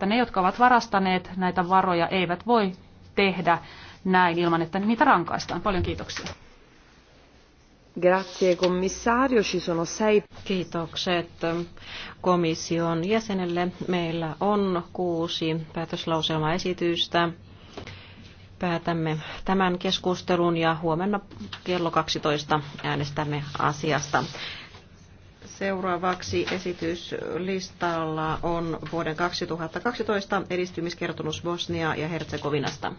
että ne, jotka ovat varastaneet näitä varoja, eivät voi tehdä näin ilman, että niitä rankaistaan. Paljon kiitoksia. Grazie commissario, ci sono sei... Kiitokset komission jäsenelle. Meillä on kuusi päätöslauselmaesitystä. Päätämme tämän keskustelun ja huomenna kello 12 äänestämme asiasta. Seuraavaksi esityslistalla on vuoden 2012 edistymiskertomus Bosnia ja Herzegovinasta.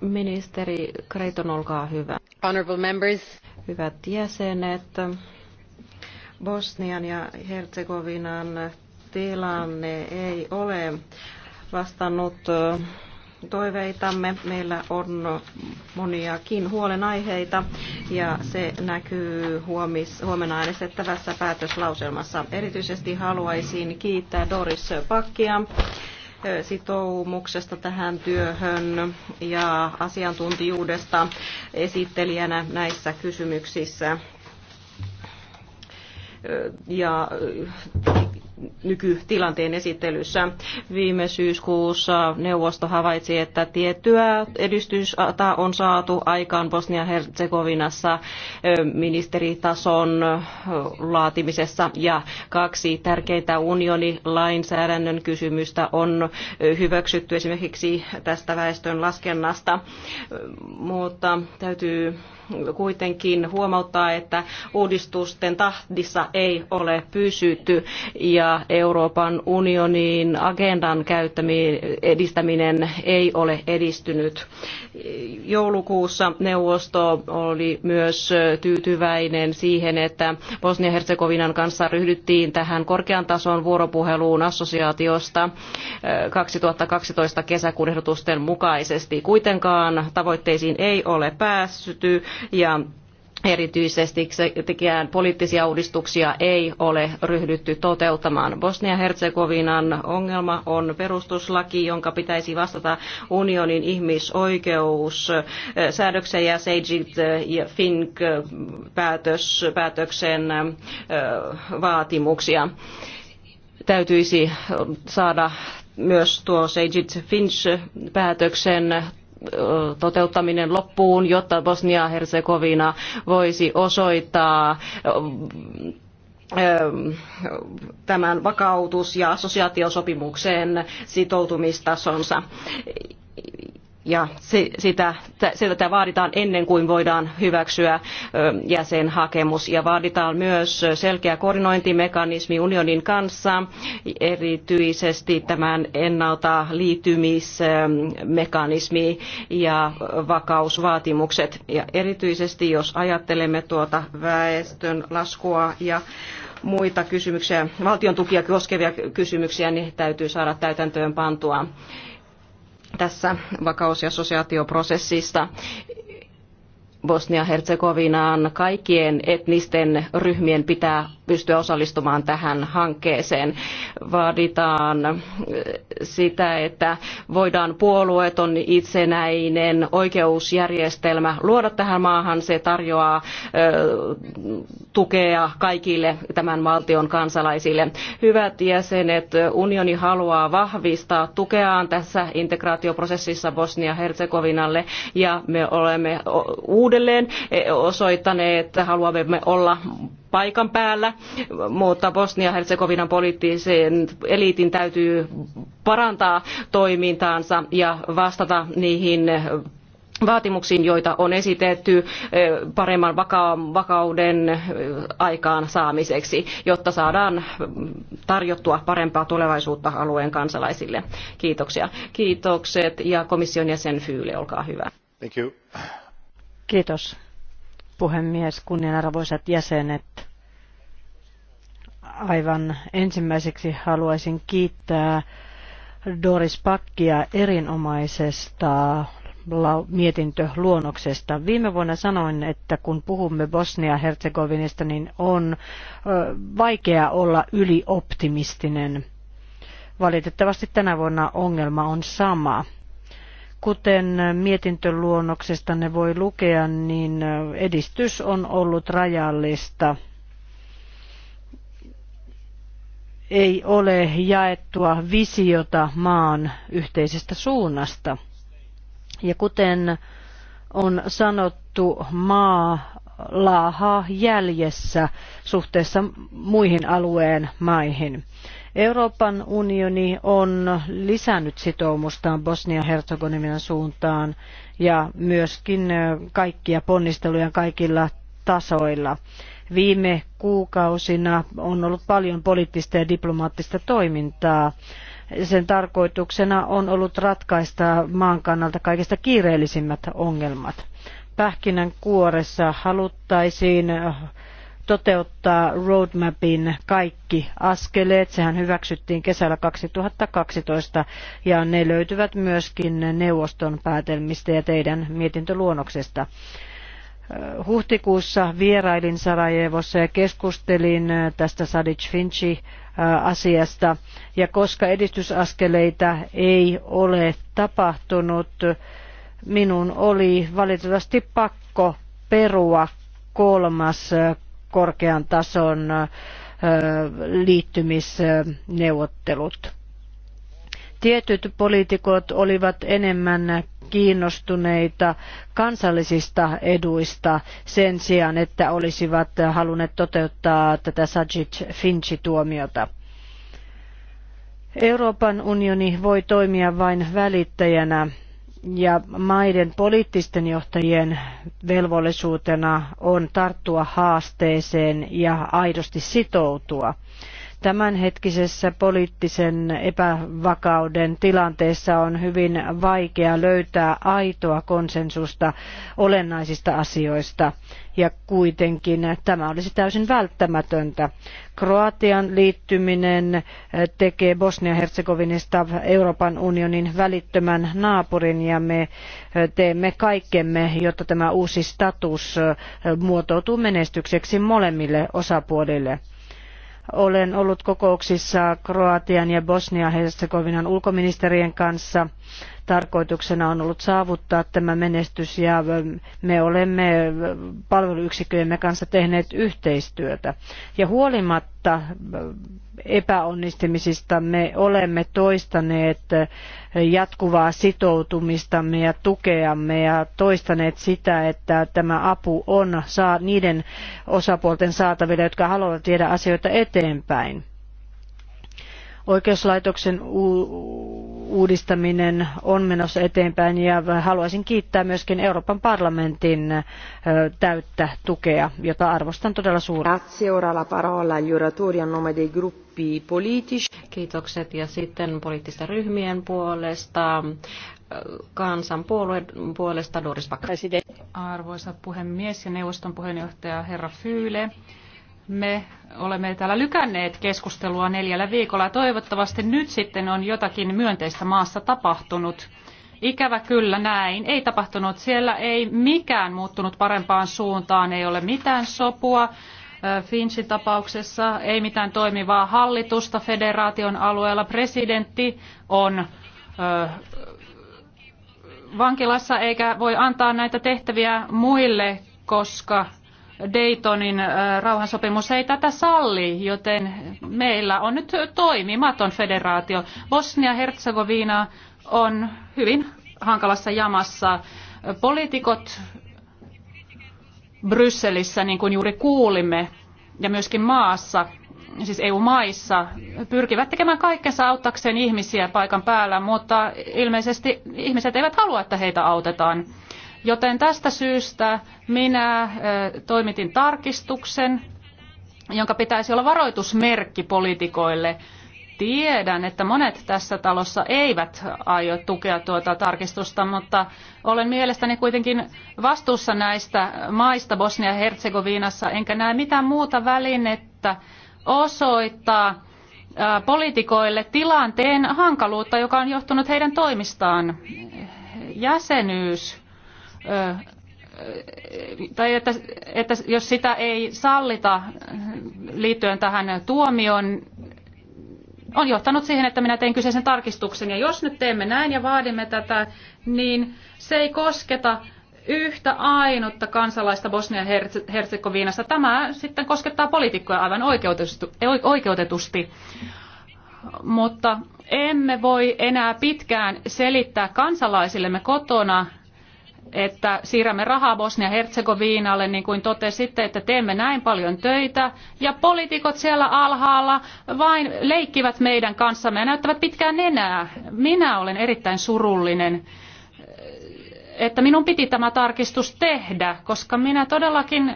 Ministeri Creighton, olkaa hyvä. Honorable members. Hyvät jäsenet, Bosnian ja Herzegovinan tilanne ei ole vastannut toiveitamme. Meillä on moniakin huolenaiheita ja se näkyy huomis, huomenna äänestettävässä päätöslauselmassa. Erityisesti haluaisin kiittää Doris Pakkia sitoumuksesta tähän työhön ja asiantuntijuudesta esittelijänä näissä kysymyksissä ja nykytilanteen esittelyssä. Viime syyskuussa neuvosto havaitsi, että tiettyä edistystä on saatu aikaan Bosnia-Herzegovinassa ministeritason laatimisessa ja kaksi tärkeintä unionilainsäädännön kysymystä on hyväksytty esimerkiksi tästä väestön laskennasta, mutta täytyy kuitenkin huomauttaa, että uudistusten tahdissa ei ole pysytty ja Euroopan unionin agendan edistäminen ei ole edistynyt. Joulukuussa neuvosto oli myös tyytyväinen siihen, että Bosnia-Herzegovinan kanssa ryhdyttiin tähän korkean tason vuoropuheluun assosiaatiosta 2012 äh, kesäkuun ehdotusten mukaisesti. Kuitenkaan tavoitteisiin ei ole päästy ja Erityisesti tekijään poliittisia uudistuksia ei ole ryhdytty toteuttamaan. Bosnia-Herzegovinan ongelma on perustuslaki, jonka pitäisi vastata unionin ihmisoikeussäädöksiä ja Sejit äh, ja Fink äh, päätöksen äh, vaatimuksia. Täytyisi saada myös tuo Sejit Finch päätöksen toteuttaminen loppuun, jotta Bosnia-Herzegovina voisi osoittaa tämän vakautus- ja assosiaatiosopimuksen sitoutumistasonsa ja sitä, sitä vaaditaan ennen kuin voidaan hyväksyä jäsenhakemus ja vaaditaan myös selkeä koordinointimekanismi unionin kanssa erityisesti tämän ennalta liittymismekanismi ja vakausvaatimukset ja erityisesti jos ajattelemme tuota väestön laskua ja muita kysymyksiä, valtion tukia koskevia kysymyksiä, niin täytyy saada täytäntöön pantua tässä vakaus- ja sosiaatioprosessista. Bosnia-Herzegovinaan kaikkien etnisten ryhmien pitää pystyä osallistumaan tähän hankkeeseen. Vaaditaan äh, sitä, että voidaan puolueeton itsenäinen oikeusjärjestelmä luoda tähän maahan. Se tarjoaa äh, tukea kaikille tämän valtion kansalaisille. Hyvät jäsenet, unioni haluaa vahvistaa tukeaan tässä integraatioprosessissa Bosnia-Herzegovinalle ja me olemme uudelleen uudelleen e, osoittaneet, että haluamme olla paikan päällä, mutta Bosnia-Herzegovinan poliittisen eliitin täytyy parantaa toimintaansa ja vastata niihin vaatimuksiin, joita on esitetty e, paremman vakauden e, aikaan saamiseksi, jotta saadaan tarjottua parempaa tulevaisuutta alueen kansalaisille. Kiitoksia. Kiitokset ja komission jäsen Fyyli, olkaa hyvä. Thank you. Kiitos puhemies, kunnianarvoisat jäsenet. Aivan ensimmäiseksi haluaisin kiittää Doris Pakkia erinomaisesta mietintöluonnoksesta. Viime vuonna sanoin, että kun puhumme Bosnia-Herzegovinista, niin on vaikea olla ylioptimistinen. Valitettavasti tänä vuonna ongelma on sama. Kuten mietintöluonnoksesta ne voi lukea, niin edistys on ollut rajallista. Ei ole jaettua visiota maan yhteisestä suunnasta. Ja kuten on sanottu, maa laahaa jäljessä suhteessa muihin alueen maihin. Euroopan unioni on lisännyt sitoumustaan Bosnia-Herzegovinan suuntaan ja myöskin kaikkia ponnisteluja kaikilla tasoilla. Viime kuukausina on ollut paljon poliittista ja diplomaattista toimintaa. Sen tarkoituksena on ollut ratkaista maan kannalta kaikista kiireellisimmät ongelmat. Pähkinän kuoressa haluttaisiin toteuttaa roadmapin kaikki askeleet. Sehän hyväksyttiin kesällä 2012 ja ne löytyvät myöskin neuvoston päätelmistä ja teidän mietintöluonnoksesta. Äh, huhtikuussa vierailin Sarajevossa ja keskustelin äh, tästä Sadic Finchi äh, asiasta. Ja koska edistysaskeleita ei ole tapahtunut, minun oli valitettavasti pakko perua kolmas korkean tason liittymisneuvottelut. Tietyt poliitikot olivat enemmän kiinnostuneita kansallisista eduista sen sijaan, että olisivat halunneet toteuttaa tätä Sajid-Finchi-tuomiota. Euroopan unioni voi toimia vain välittäjänä ja maiden poliittisten johtajien velvollisuutena on tarttua haasteeseen ja aidosti sitoutua. Tämänhetkisessä poliittisen epävakauden tilanteessa on hyvin vaikea löytää aitoa konsensusta olennaisista asioista ja kuitenkin tämä olisi täysin välttämätöntä. Kroatian liittyminen eh, tekee Bosnia-Herzegovinista Euroopan unionin välittömän naapurin ja me eh, teemme kaikkemme, jotta tämä uusi status eh, muotoutuu menestykseksi molemmille osapuolille. Olen ollut kokouksissa Kroatian ja Bosnia-Herzegovinan ulkoministerien kanssa – Tarkoituksena on ollut saavuttaa tämä menestys ja me olemme palveluyksikköjemme kanssa tehneet yhteistyötä. Ja huolimatta epäonnistumisista me olemme toistaneet jatkuvaa sitoutumistamme ja tukeamme ja toistaneet sitä, että tämä apu on saa niiden osapuolten saatavilla, jotka haluavat viedä asioita eteenpäin. Oikeuslaitoksen uudistaminen on menossa eteenpäin ja haluaisin kiittää myöskin Euroopan parlamentin täyttä tukea, jota arvostan todella suuresti. Kiitokset ja sitten poliittisten ryhmien puolesta kansanpuolueen puolesta Doris Back. Arvoisa puhemies ja neuvoston puheenjohtaja herra Fyyle me olemme täällä lykänneet keskustelua neljällä viikolla. Toivottavasti nyt sitten on jotakin myönteistä maassa tapahtunut. Ikävä kyllä näin. Ei tapahtunut. Siellä ei mikään muuttunut parempaan suuntaan. Ei ole mitään sopua. Finchin tapauksessa ei mitään toimivaa hallitusta federaation alueella. Presidentti on ö, vankilassa eikä voi antaa näitä tehtäviä muille, koska Daytonin äh, rauhansopimus ei tätä salli, joten meillä on nyt toimimaton federaatio. Bosnia-Herzegovina on hyvin hankalassa jamassa. Poliitikot Brysselissä, niin kuin juuri kuulimme, ja myöskin maassa, siis EU-maissa, pyrkivät tekemään kaikkensa auttakseen ihmisiä paikan päällä, mutta ilmeisesti ihmiset eivät halua, että heitä autetaan. Joten tästä syystä minä toimitin tarkistuksen, jonka pitäisi olla varoitusmerkki poliitikoille. Tiedän, että monet tässä talossa eivät aio tukea tuota tarkistusta, mutta olen mielestäni kuitenkin vastuussa näistä maista Bosnia-Herzegovinassa, enkä näe mitään muuta välinettä osoittaa poliitikoille tilanteen hankaluutta, joka on johtunut heidän toimistaan. Jäsenyys tai että, että jos sitä ei sallita liittyen tähän tuomioon, on johtanut siihen, että minä tein kyseisen tarkistuksen. Ja jos nyt teemme näin ja vaadimme tätä, niin se ei kosketa yhtä ainutta kansalaista Bosnia-Herzegovinassa. Tämä sitten koskettaa poliitikkoja aivan oikeutetusti. Mutta emme voi enää pitkään selittää kansalaisillemme kotona, että siirrämme rahaa Bosnia-Herzegoviinalle, niin kuin totesitte, että teemme näin paljon töitä, ja poliitikot siellä alhaalla vain leikkivät meidän kanssamme ja näyttävät pitkään nenää. Minä olen erittäin surullinen että minun piti tämä tarkistus tehdä, koska minä todellakin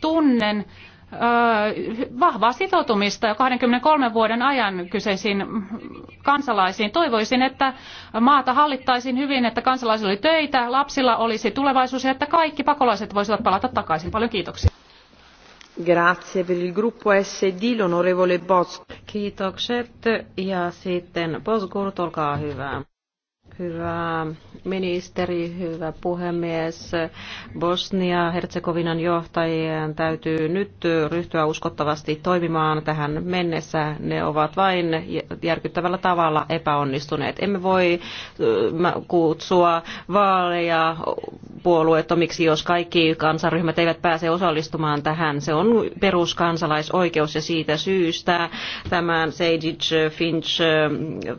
tunnen vahvaa sitoutumista jo 23 vuoden ajan kyseisiin kansalaisiin. Toivoisin, että maata hallittaisiin hyvin, että kansalaisilla oli töitä, lapsilla olisi tulevaisuus ja että kaikki pakolaiset voisivat palata takaisin. Paljon kiitoksia. Grazie per il gruppo SD, l'onorevole Bosko. Kiitokset ja sitten Boskurt, olkaa hyvä. Hyvä ministeri, hyvä puhemies. Bosnia-Herzegovinan johtajien täytyy nyt ryhtyä uskottavasti toimimaan tähän mennessä. Ne ovat vain järkyttävällä tavalla epäonnistuneet. Emme voi kutsua vaaleja puolueettomiksi, jos kaikki kansaryhmät eivät pääse osallistumaan tähän. Se on peruskansalaisoikeus ja siitä syystä tämän Sejdic-Finch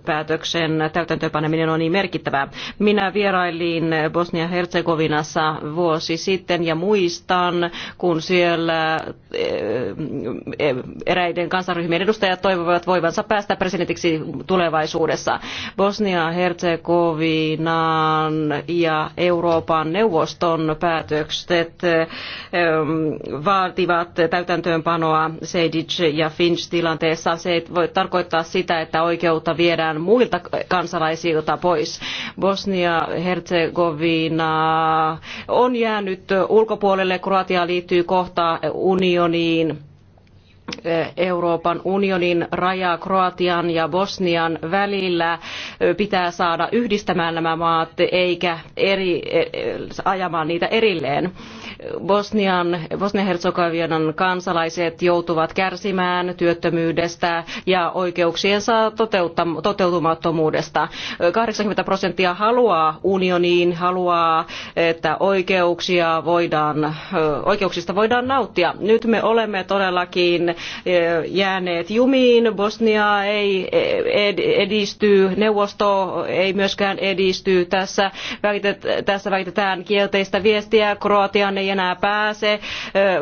päätöksen täytäntöönpaneminen on niin merkittävä merkittävää. Minä vierailin Bosnia-Herzegovinassa vuosi sitten ja muistan, kun siellä eh, eh, eräiden kansanryhmien edustajat toivovat voivansa päästä presidentiksi tulevaisuudessa. bosnia herzegovinaan ja Euroopan neuvoston päätökset eh, vaativat täytäntöönpanoa Sejdic ja Finch tilanteessa. Se voi tarkoittaa sitä, että oikeutta viedään muilta kansalaisilta pois Bosnia-Herzegovina on jäänyt ulkopuolelle. Kroatia liittyy kohta unioniin. Euroopan unionin raja Kroatian ja Bosnian välillä pitää saada yhdistämään nämä maat eikä eri, ajamaan niitä erilleen. Bosnian, Bosnia-Herzegovinan kansalaiset joutuvat kärsimään työttömyydestä ja oikeuksiensa toteutumattomuudesta. 80 prosenttia haluaa unioniin, haluaa, että oikeuksia voidaan, oikeuksista voidaan nauttia. Nyt me olemme todellakin e, jääneet jumiin. Bosnia ei e, edisty, neuvosto ei myöskään edisty. Tässä, väitet, tässä väitetään kielteistä viestiä Kroatian ei ei enää pääse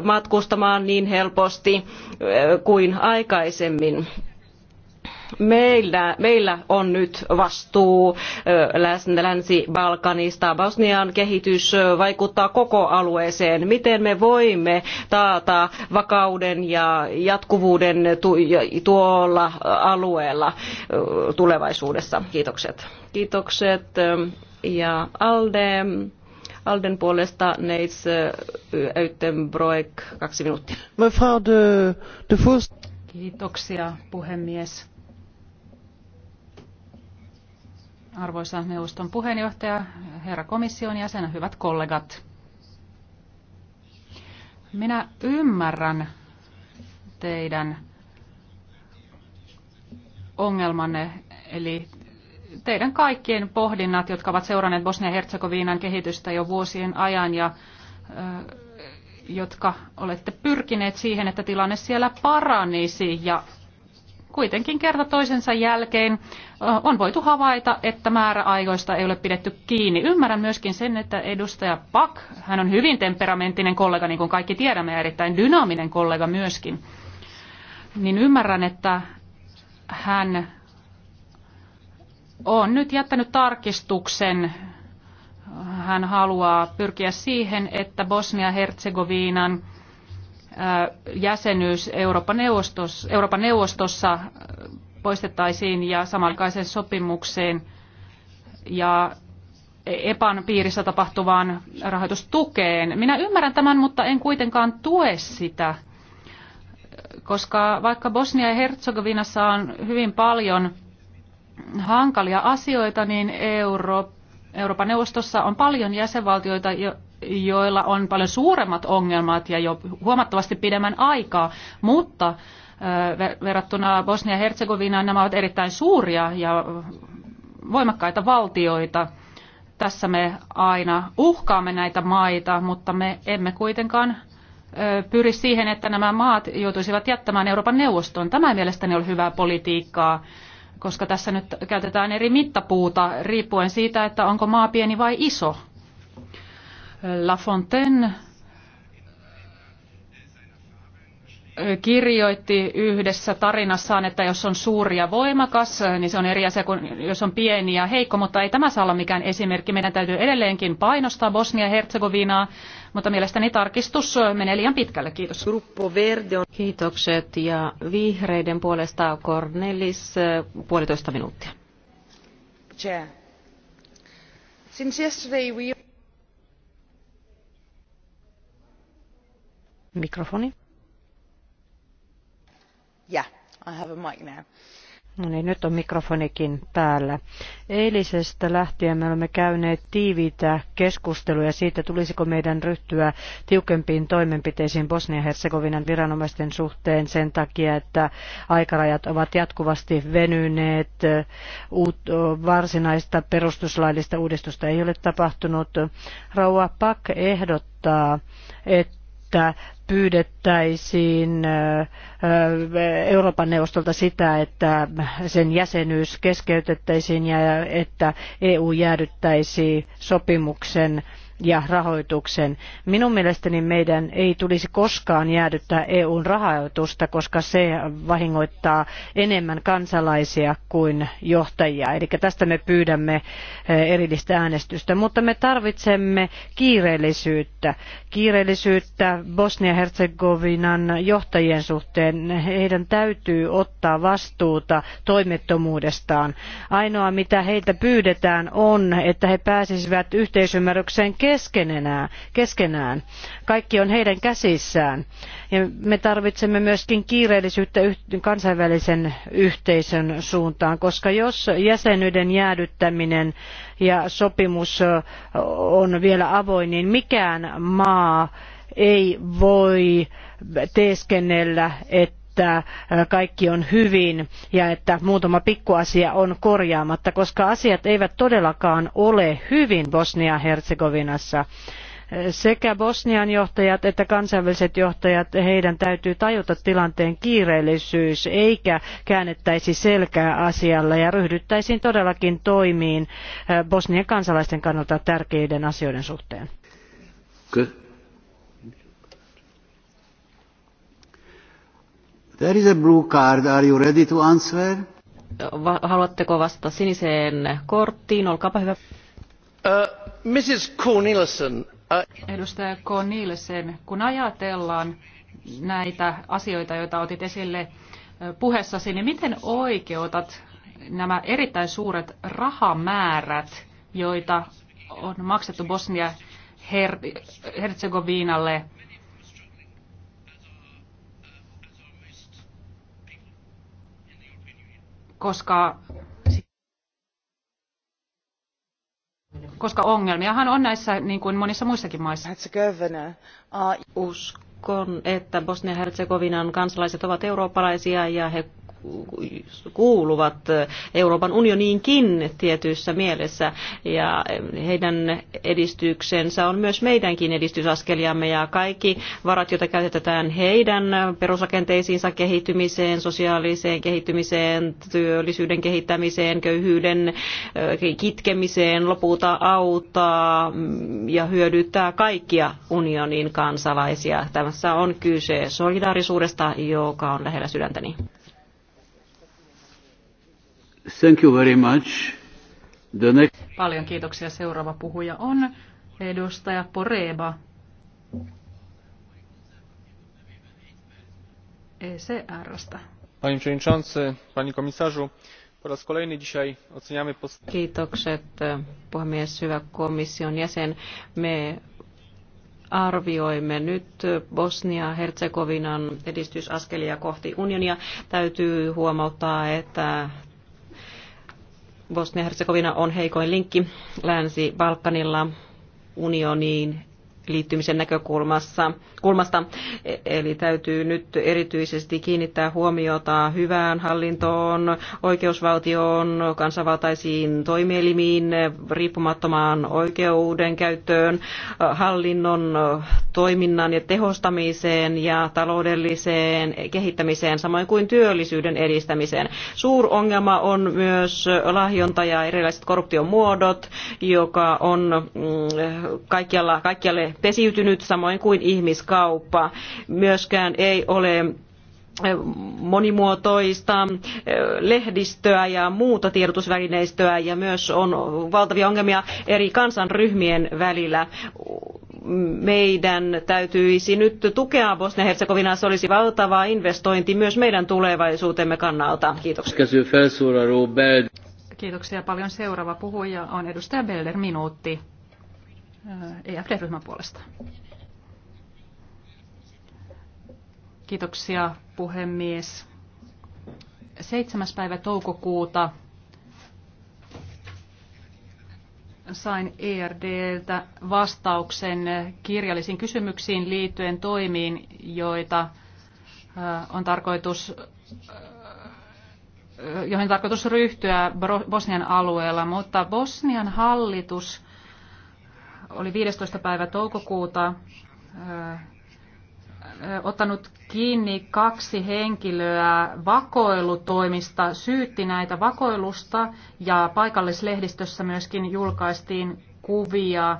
matkustamaan niin helposti kuin aikaisemmin. Meillä, meillä, on nyt vastuu Länsi-Balkanista. Bosnian kehitys vaikuttaa koko alueeseen. Miten me voimme taata vakauden ja jatkuvuuden tuolla alueella tulevaisuudessa? Kiitokset. Kiitokset. Ja Alde Alden puolesta Neits Öytenbroek, kaksi minuuttia. Mevrouw de, de Kiitoksia puhemies. Arvoisa neuvoston puheenjohtaja, herra komission jäsen, hyvät kollegat. Minä ymmärrän teidän ongelmanne, eli teidän kaikkien pohdinnat, jotka ovat seuranneet bosnia herzegovinan kehitystä jo vuosien ajan ja jotka olette pyrkineet siihen, että tilanne siellä paranisi ja kuitenkin kerta toisensa jälkeen on voitu havaita, että määräaikoista ei ole pidetty kiinni. Ymmärrän myöskin sen, että edustaja Pak, hän on hyvin temperamenttinen kollega, niin kuin kaikki tiedämme, ja erittäin dynaaminen kollega myöskin, niin ymmärrän, että hän on nyt jättänyt tarkistuksen. Hän haluaa pyrkiä siihen, että bosnia herzegovinan jäsenyys Euroopan neuvostossa, Euroopan neuvostossa poistettaisiin ja samankaiseen sopimukseen ja EPAN piirissä tapahtuvaan rahoitustukeen. Minä ymmärrän tämän, mutta en kuitenkaan tue sitä, koska vaikka Bosnia ja Herzegovinassa on hyvin paljon hankalia asioita, niin Euro, Euroopan neuvostossa on paljon jäsenvaltioita, jo, joilla on paljon suuremmat ongelmat ja jo huomattavasti pidemmän aikaa, mutta verrattuna Bosnia-Herzegovinaan nämä ovat erittäin suuria ja voimakkaita valtioita. Tässä me aina uhkaamme näitä maita, mutta me emme kuitenkaan pyri siihen, että nämä maat joutuisivat jättämään Euroopan neuvoston. Tämä ei mielestäni ole hyvää politiikkaa koska tässä nyt käytetään eri mittapuuta riippuen siitä, että onko maa pieni vai iso. La Fontaine kirjoitti yhdessä tarinassaan, että jos on suuri ja voimakas, niin se on eri asia kuin jos on pieni ja heikko, mutta ei tämä saa olla mikään esimerkki. Meidän täytyy edelleenkin painostaa Bosnia-Herzegovinaa, mutta mielestäni tarkistus menee liian pitkälle. Kiitos. Kiitokset ja vihreiden puolesta Cornelis puolitoista minuuttia. Chair. Since yesterday we... Mikrofoni. No niin, nyt on mikrofonikin päällä. Eilisestä lähtien me olemme käyneet tiiviitä keskusteluja siitä, tulisiko meidän ryhtyä tiukempiin toimenpiteisiin Bosnia-Herzegovinan viranomaisten suhteen sen takia, että aikarajat ovat jatkuvasti venyneet, uut, varsinaista perustuslaillista uudistusta ei ole tapahtunut. Rauha Pak ehdottaa, että että pyydettäisiin Euroopan neuvostolta sitä, että sen jäsenyys keskeytettäisiin ja että EU jäädyttäisi sopimuksen ja rahoituksen. Minun mielestäni meidän ei tulisi koskaan jäädyttää EUn rahoitusta, koska se vahingoittaa enemmän kansalaisia kuin johtajia. Eli tästä me pyydämme eh, erillistä äänestystä. Mutta me tarvitsemme kiireellisyyttä. Kiireellisyyttä Bosnia-Herzegovinan johtajien suhteen. Heidän täytyy ottaa vastuuta toimettomuudestaan. Ainoa mitä heiltä pyydetään on, että he pääsisivät yhteisymmärrykseen keskenenään, keskenään. Kaikki on heidän käsissään. Ja me tarvitsemme myöskin kiireellisyyttä kansainvälisen yhteisön suuntaan, koska jos jäsenyyden jäädyttäminen ja sopimus on vielä avoin, niin mikään maa ei voi teeskennellä, että että äh, kaikki on hyvin ja että muutama pikkuasia on korjaamatta, koska asiat eivät todellakaan ole hyvin Bosnia-Herzegovinassa äh, sekä Bosnian johtajat että kansainväliset johtajat, heidän täytyy tajuta tilanteen kiireellisyys, eikä käännettäisi selkää asialla ja ryhdyttäisiin todellakin toimiin äh, Bosnian kansalaisten kannalta tärkeiden asioiden suhteen. There is a blue card. Are you ready to answer? Haluatteko vastata siniseen korttiin? Olkaapa hyvä. Uh, Mrs. Cornelison. Uh... Edustaja Cornelison, kun ajatellaan näitä asioita, joita otit esille uh, puheessasi, niin miten oikeutat nämä erittäin suuret rahamäärät, joita on maksettu Bosnia Herzegovinalle koska koska ongelmiahan on näissä niin kuin monissa muissakin maissa. Uskon, että Bosnia-Herzegovinan kansalaiset ovat eurooppalaisia ja he kuuluvat Euroopan unioniinkin tietyissä mielessä ja heidän edistyksensä on myös meidänkin edistysaskeliamme ja kaikki varat, joita käytetään heidän perusrakenteisiinsa kehittymiseen, sosiaaliseen kehittymiseen, työllisyyden kehittämiseen, köyhyyden kitkemiseen, lopulta auttaa ja hyödyttää kaikkia unionin kansalaisia. Tässä on kyse solidaarisuudesta, joka on lähellä sydäntäni. Thank you very much. The next... Paljon kiitoksia. Seuraava puhuja on edustaja Poreba. ECR-stä. Panie przewodniczący, panie komisarzu, po raz kolejny dzisiaj oceniamy post- Kiitokset puhemies, hyvä komission jäsen. Me arvioimme nyt Bosnia-Herzegovinan edistysaskelia kohti unionia. Täytyy huomauttaa, että Bosnia-Herzegovina on heikoin linkki Länsi-Balkanilla unioniin liittymisen näkökulmasta. Kulmasta. E, eli täytyy nyt erityisesti kiinnittää huomiota hyvään hallintoon, oikeusvaltioon, kansanvaltaisiin toimielimiin, riippumattomaan käyttöön, hallinnon toiminnan ja tehostamiseen ja taloudelliseen kehittämiseen, samoin kuin työllisyyden edistämiseen. Suur ongelma on myös lahjonta ja erilaiset korruption muodot, joka on mm, kaikkialla, kaikkialle pesiytynyt samoin kuin ihmiskauppa. Myöskään ei ole eh, monimuotoista eh, lehdistöä ja muuta tiedotusvälineistöä ja myös on valtavia ongelmia eri kansanryhmien välillä meidän täytyisi nyt tukea bosnia herzegovina Se olisi valtava investointi myös meidän tulevaisuutemme kannalta. Kiitoksia. Kiitoksia paljon. Seuraava puhuja on edustaja Belder, minuutti. EFD-ryhmän puolesta. Kiitoksia puhemies. 7. päivä toukokuuta sain ERDltä vastauksen kirjallisiin kysymyksiin liittyen toimiin, joita on tarkoitus joihin tarkoitus ryhtyä Bosnian alueella, mutta Bosnian hallitus oli 15. päivä toukokuuta ottanut kiinni kaksi henkilöä vakoilutoimista, syytti näitä vakoilusta ja paikallislehdistössä myöskin julkaistiin kuvia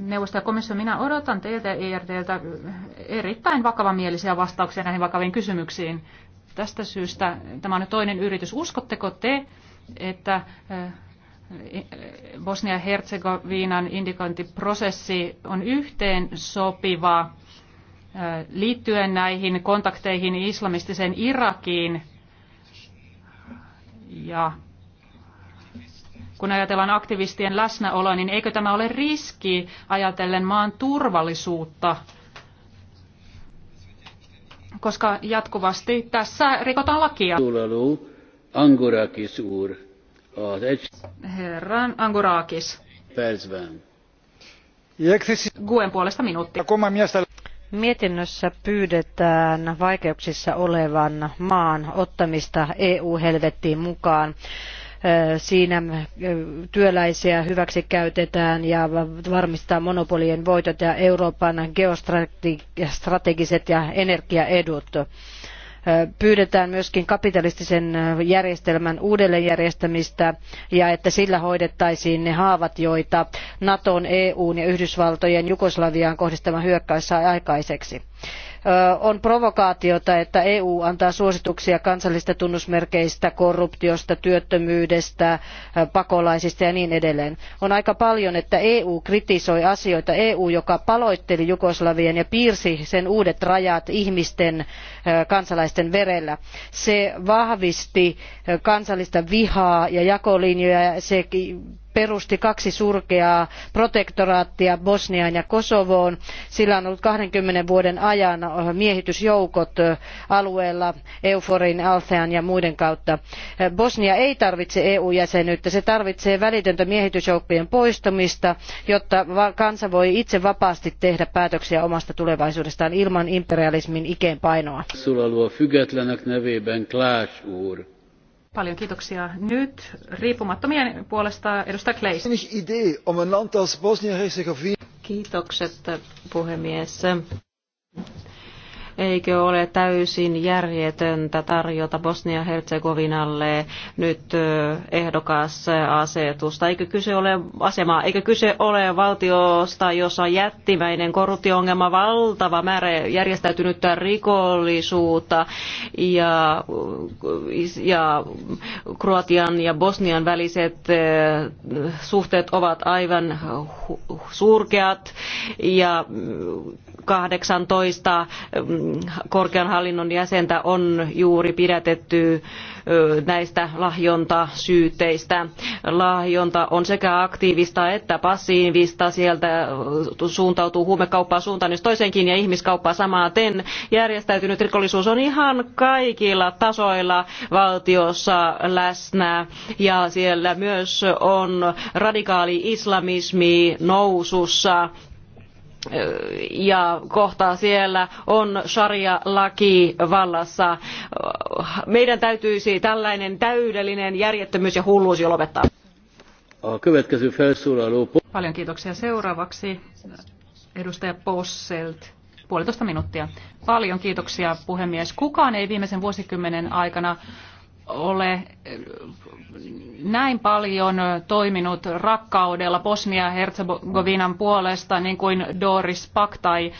neuvosto ja komissio, minä odotan teiltä IRTltä e erittäin vakavamielisiä vastauksia näihin vakaviin kysymyksiin. Tästä syystä tämä on nyt toinen yritys. Uskotteko te, että bosnia herzegovinan indikointiprosessi on yhteen sopiva liittyen näihin kontakteihin islamistiseen Irakiin. Ja kun ajatellaan aktivistien läsnäoloa, niin eikö tämä ole riski ajatellen maan turvallisuutta? Koska jatkuvasti tässä rikotaan lakia. Angurakis uur. Herran Angurakis. Guen puolesta minuutti. Mietinnössä pyydetään vaikeuksissa olevan maan ottamista EU-helvettiin mukaan siinä työläisiä hyväksi käytetään ja varmistaa monopolien voitot ja Euroopan geostrategiset ja energiaedut pyydetään myöskin kapitalistisen järjestelmän uudelleenjärjestämistä ja että sillä hoidettaisiin ne haavat, joita Naton, EUn ja Yhdysvaltojen Jugoslaviaan kohdistama hyökkäys sai aikaiseksi on provokaatiota, että EU antaa suosituksia kansallisista tunnusmerkeistä, korruptiosta, työttömyydestä, pakolaisista ja niin edelleen. On aika paljon, että EU kritisoi asioita. EU, joka paloitteli Jugoslavien ja piirsi sen uudet rajat ihmisten kansalaisten verellä. Se vahvisti kansallista vihaa ja jakolinjoja. Se perusti kaksi surkeaa protektoraattia Bosniaan ja Kosovoon. Sillä on ollut 20 vuoden ajan miehitysjoukot alueella Euforin, Althean ja muiden kautta. Bosnia ei tarvitse EU-jäsenyyttä, se tarvitsee välitöntä miehitysjoukkojen poistamista, jotta kansa voi itse vapaasti tehdä päätöksiä omasta tulevaisuudestaan ilman imperialismin ikeenpainoa. Paljon kiitoksia nyt. Riippumattomien puolesta edustaja Kleis. Kiitokset puhemies. Eikö ole täysin järjetöntä tarjota Bosnia-Herzegovinalle nyt asetusta? Eikö kyse ole asemaa? Eikö kyse ole valtiosta, jossa on jättimäinen korruptioongelma, valtava määrä järjestäytynyttä rikollisuutta ja, ja Kroatian ja Bosnian väliset suhteet ovat aivan surkeat ja 18 mm, korkean hallinnon jäsentä on juuri pidätetty näistä lahjontasyytteistä. Lahjonta on sekä aktiivista että passiivista. Sieltä suuntautuu huumekauppaa suuntaan jos toiseenkin ja ihmiskauppaa samaten. Järjestäytynyt rikollisuus on ihan kaikilla tasoilla valtiossa läsnä ja siellä myös on radikaali islamismi nousussa ja kohtaa siellä on sharia-laki vallassa. Meidän täytyisi tällainen täydellinen järjettömyys ja hulluus jo lopettaa. Paljon kiitoksia. Seuraavaksi edustaja Posselt. Puolitoista minuuttia. Paljon kiitoksia puhemies. Kukaan ei viimeisen vuosikymmenen aikana ole näin paljon toiminut rakkaudella Bosnia-Herzegovinan puolesta, niin kuin Doris Pak tai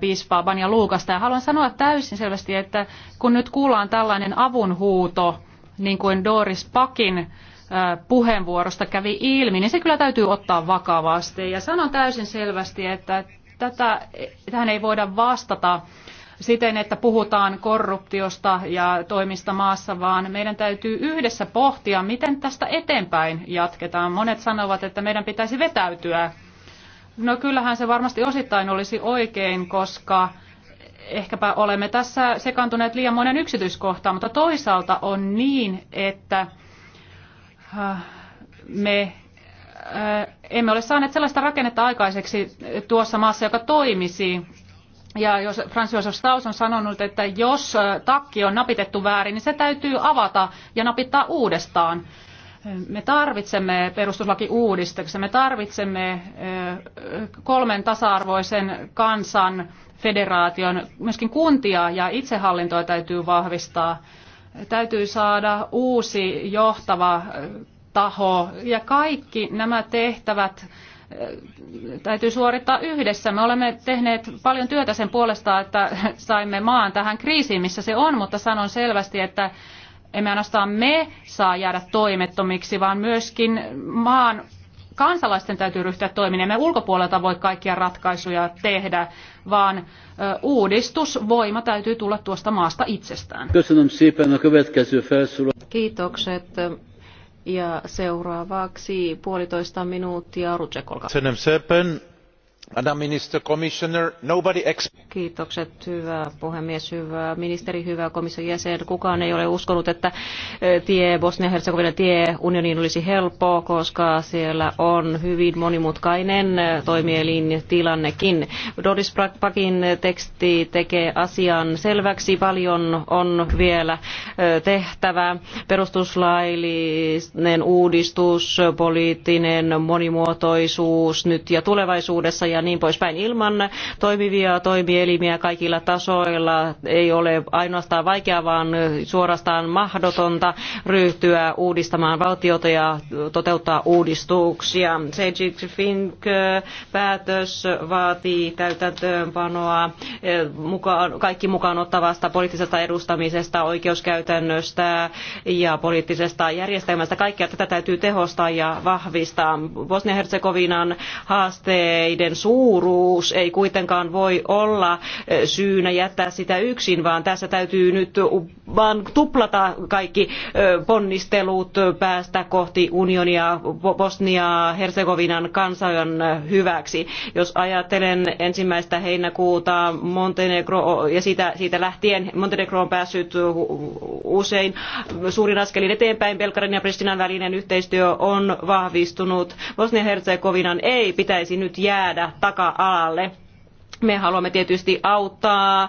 piispa eh, Banja Luukasta. Ja haluan sanoa täysin selvästi, että kun nyt kuullaan tällainen avunhuuto, niin kuin Doris Pakin eh, puheenvuorosta kävi ilmi, niin se kyllä täytyy ottaa vakavasti. Ja sanon täysin selvästi, että tätä, tähän ei voida vastata siten, että puhutaan korruptiosta ja toimista maassa, vaan meidän täytyy yhdessä pohtia, miten tästä eteenpäin jatketaan. Monet sanovat, että meidän pitäisi vetäytyä. No kyllähän se varmasti osittain olisi oikein, koska ehkäpä olemme tässä sekantuneet liian monen yksityiskohtaan, mutta toisaalta on niin, että äh, me äh, emme ole saaneet sellaista rakennetta aikaiseksi tuossa maassa, joka toimisi ja jos Frans Josef Staus on sanonut, että jos takki on napitettu väärin, niin se täytyy avata ja napittaa uudestaan. Me tarvitsemme perustuslakiuudistuksen, me tarvitsemme kolmen tasa-arvoisen kansan federaation, myöskin kuntia ja itsehallintoa täytyy vahvistaa. Täytyy saada uusi johtava taho ja kaikki nämä tehtävät täytyy suorittaa yhdessä. Me olemme tehneet paljon työtä sen puolesta, että saimme maan tähän kriisiin, missä se on, mutta sanon selvästi, että emme ainoastaan me saa jäädä toimettomiksi, vaan myöskin maan kansalaisten täytyy ryhtyä toimiin. Emme ulkopuolelta voi kaikkia ratkaisuja tehdä, vaan uudistusvoima täytyy tulla tuosta maasta itsestään. Kiitokset. Ja seuraavaksi puolitoista minuuttia Rutsek, olkaa. Kiitokset, hyvä puhemies, hyvä ministeri, hyvä komission jäsen. Kukaan ei ole uskonut, että eh, tie Bosnia-Herzegovinan tie unioniin olisi helppo, koska siellä on hyvin monimutkainen eh, toimielintilannekin. tilannekin. Doris Packin teksti tekee asian selväksi. Paljon on vielä eh, tehtävää Perustuslaillinen uudistus, poliittinen monimuotoisuus nyt ja tulevaisuudessa ja ja niin poispäin. Ilman toimivia toimielimiä kaikilla tasoilla ei ole ainoastaan vaikeaa, vaan suorastaan mahdotonta ryhtyä uudistamaan valtiota ja toteuttaa uudistuksia. Seiji Fink-päätös äh, vaatii täytäntöönpanoa äh, mukaan, kaikki mukaan ottavasta poliittisesta edustamisesta, oikeuskäytännöstä ja poliittisesta järjestelmästä. Kaikkea tätä täytyy tehostaa ja vahvistaa. Bosnia-Herzegovinan haasteiden su suuruus ei kuitenkaan voi olla syynä jättää sitä yksin, vaan tässä täytyy nyt vaan tuplata kaikki ponnistelut päästä kohti unionia Bosniaa Herzegovinan kansan hyväksi. Jos ajattelen ensimmäistä heinäkuuta Montenegro ja siitä, siitä lähtien Montenegro on päässyt usein suurin askelin eteenpäin. Belgradin ja Pristinan välinen yhteistyö on vahvistunut. Bosnia-Herzegovinan ei pitäisi nyt jäädä taka-alalle. Me haluamme tietysti auttaa,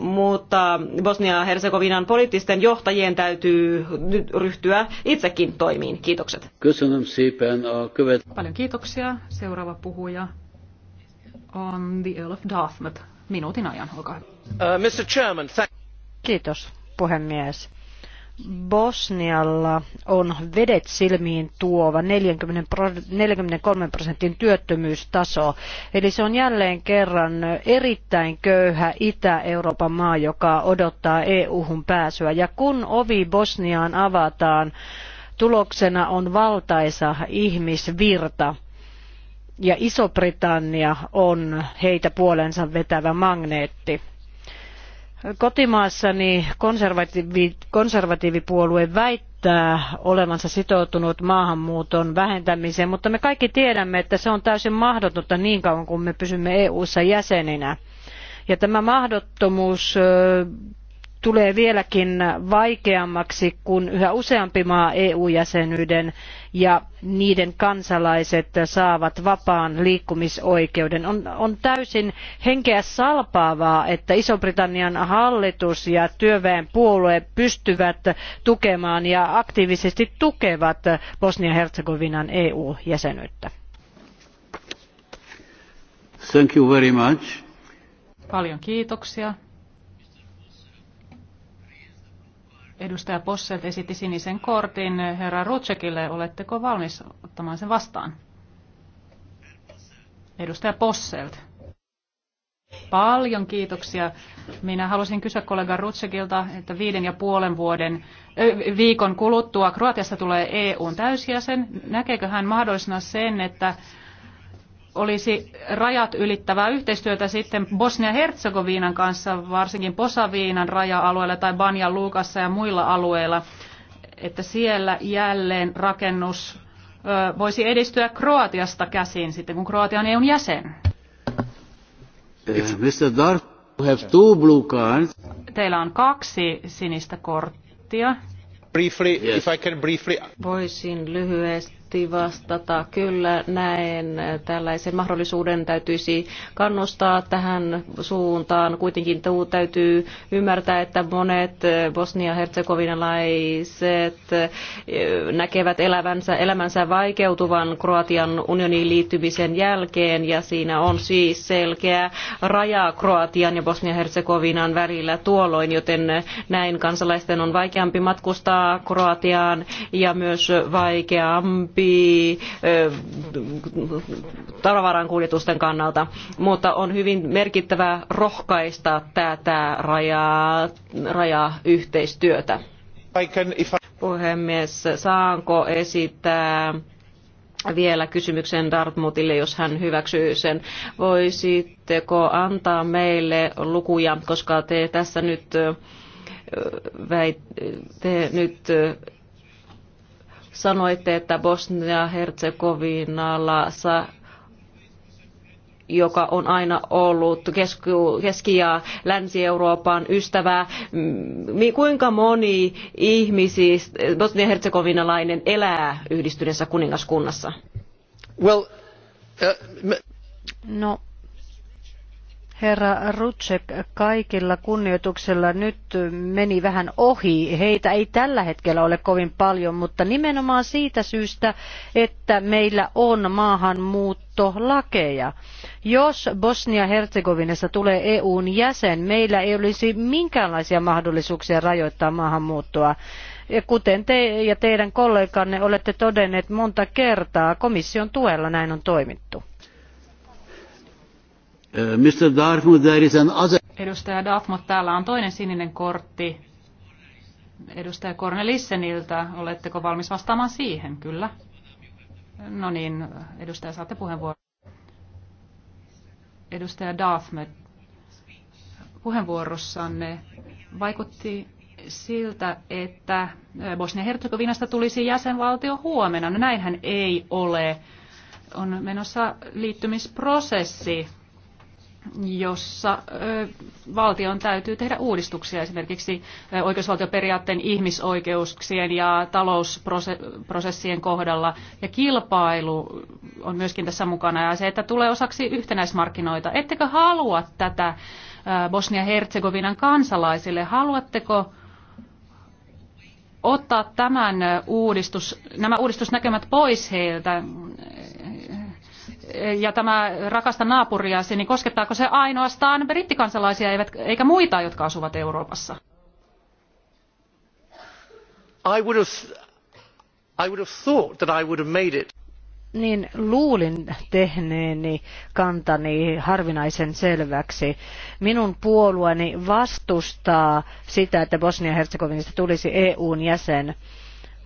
mutta Bosnia-Herzegovinan poliittisten johtajien täytyy nyt ryhtyä itsekin toimiin. Kiitokset. Paljon kiitoksia. Seuraava puhuja on the Earl of Dartmouth. Minuutin ajan, olkaa hyvä. Uh, Kiitos, puhemies Bosnialla on vedet silmiin tuova 40, 43 prosentin työttömyystaso. Eli se on jälleen kerran erittäin köyhä Itä-Euroopan maa, joka odottaa EU-hun pääsyä. Ja kun ovi Bosniaan avataan, tuloksena on valtaisa ihmisvirta. Ja Iso-Britannia on heitä puolensa vetävä magneetti. Kotimaassani konservatiivipuolue väittää olevansa sitoutunut maahanmuuton vähentämiseen, mutta me kaikki tiedämme, että se on täysin mahdotonta niin kauan kuin me pysymme EU-ssa jäseninä. Ja tämä mahdottomuus tulee vieläkin vaikeammaksi, kun yhä useampi maa EU-jäsenyyden ja niiden kansalaiset saavat vapaan liikkumisoikeuden. On, on täysin henkeä salpaavaa, että Iso-Britannian hallitus ja työväenpuolue pystyvät tukemaan ja aktiivisesti tukevat Bosnia-Herzegovinan EU-jäsenyyttä. Paljon kiitoksia. Edustaja Posselt esitti sinisen kortin herra Rutsekille. Oletteko valmis ottamaan sen vastaan? Edustaja Posselt. Paljon kiitoksia. Minä halusin kysyä kollega Rutsekilta, että viiden ja puolen vuoden ö, viikon kuluttua Kroatiassa tulee EUn täysjäsen. Näkeekö hän mahdollisena sen, että olisi rajat ylittävää yhteistyötä sitten Bosnia-Herzegoviinan kanssa, varsinkin Posaviinan raja-alueella tai Banja Luukassa ja muilla alueilla, että siellä jälleen rakennus voisi edistyä Kroatiasta käsin sitten, kun Kroatia on EUn jäsen. Eh, Teillä on kaksi sinistä korttia. Briefly, yes. if I can briefly... Voisin lyhyesti nopeasti vastata. Kyllä näen tällaisen mahdollisuuden täytyisi kannustaa tähän suuntaan. Kuitenkin täytyy ymmärtää, että monet bosnia-herzegovinalaiset näkevät elävänsä, elämänsä vaikeutuvan Kroatian unioniin liittymisen jälkeen ja siinä on siis selkeä raja Kroatian ja Bosnia-Herzegovinan välillä tuolloin, joten näin kansalaisten on vaikeampi matkustaa Kroatiaan ja myös vaikeampi edullisempi tavaran kuljetusten kannalta, mutta on hyvin merkittävää rohkaista tätä rajaa, rajayhteistyötä. Puhemies, saanko esittää vielä kysymyksen Dartmouthille, jos hän hyväksyy sen. Voisitteko antaa meille lukuja, koska te tässä nyt, te nyt Sanoitte, että bosnia herzegovinalla joka on aina ollut Keski- ja Länsi-Euroopan ystävää. Mm, kuinka moni ihmisistä bosnia-herzegovinalainen elää yhdistyneessä kuningaskunnassa? Well, uh, No, Herra Rutsek, kaikilla kunnioituksella nyt meni vähän ohi. Heitä ei tällä hetkellä ole kovin paljon, mutta nimenomaan siitä syystä, että meillä on maahanmuuttolakeja. Jos Bosnia-Herzegovinasta tulee EUn jäsen, meillä ei olisi minkäänlaisia mahdollisuuksia rajoittaa maahanmuuttoa. Ja kuten te ja teidän kolleganne olette todenneet monta kertaa, komission tuella näin on toimittu. Eh, Mr. Dartmouth, there is an other... Edustaja Dartmouth, täällä on toinen sininen kortti. Edustaja Cornelisseniltä, oletteko valmis vastaamaan siihen? Kyllä. No niin, edustaja, saatte puheenvuoron. Edustaja Dartmouth, puheenvuorossanne vaikutti siltä, että eh, Bosnia-Herzegovinasta tulisi jäsenvaltio huomenna. No näinhän ei ole. On menossa liittymisprosessi jossa valtion täytyy tehdä uudistuksia esimerkiksi oikeusvaltioperiaatteen ihmisoikeuksien ja talousprosessien kohdalla. Ja kilpailu on myöskin tässä mukana ja se, että tulee osaksi yhtenäismarkkinoita. Ettekö halua tätä Bosnia-Herzegovinan kansalaisille? Haluatteko ottaa tämän uudistus, nämä uudistusnäkemät pois heiltä ja tämä rakasta naapuriasi, niin koskettaako se ainoastaan brittikansalaisia eikä muita, jotka asuvat Euroopassa? I would have, I would have thought that I would have made it niin luulin tehneeni kantani harvinaisen selväksi. Minun puolueeni vastustaa sitä, että bosnia herzegovinista tulisi EUn jäsen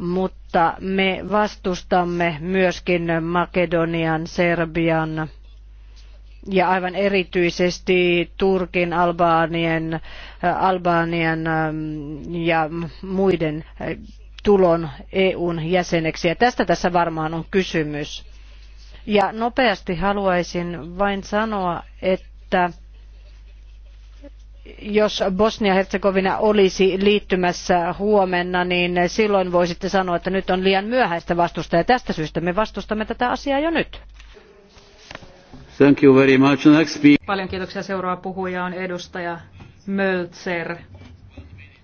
mutta me vastustamme myöskin Makedonian, Serbian ja aivan erityisesti Turkin, Albanien ähm, ja muiden äh, tulon EUn jäseneksi. Ja tästä tässä varmaan on kysymys. Ja nopeasti haluaisin vain sanoa, että jos Bosnia Herzegovina olisi liittymässä huomenna, niin silloin voisitte sanoa, että nyt on liian myöhäistä vastustaa ja tästä syystä me vastustamme tätä asiaa jo nyt. Thank you very much. Next Paljon kiitoksia. Seuraava puhuja on edustaja Möltser.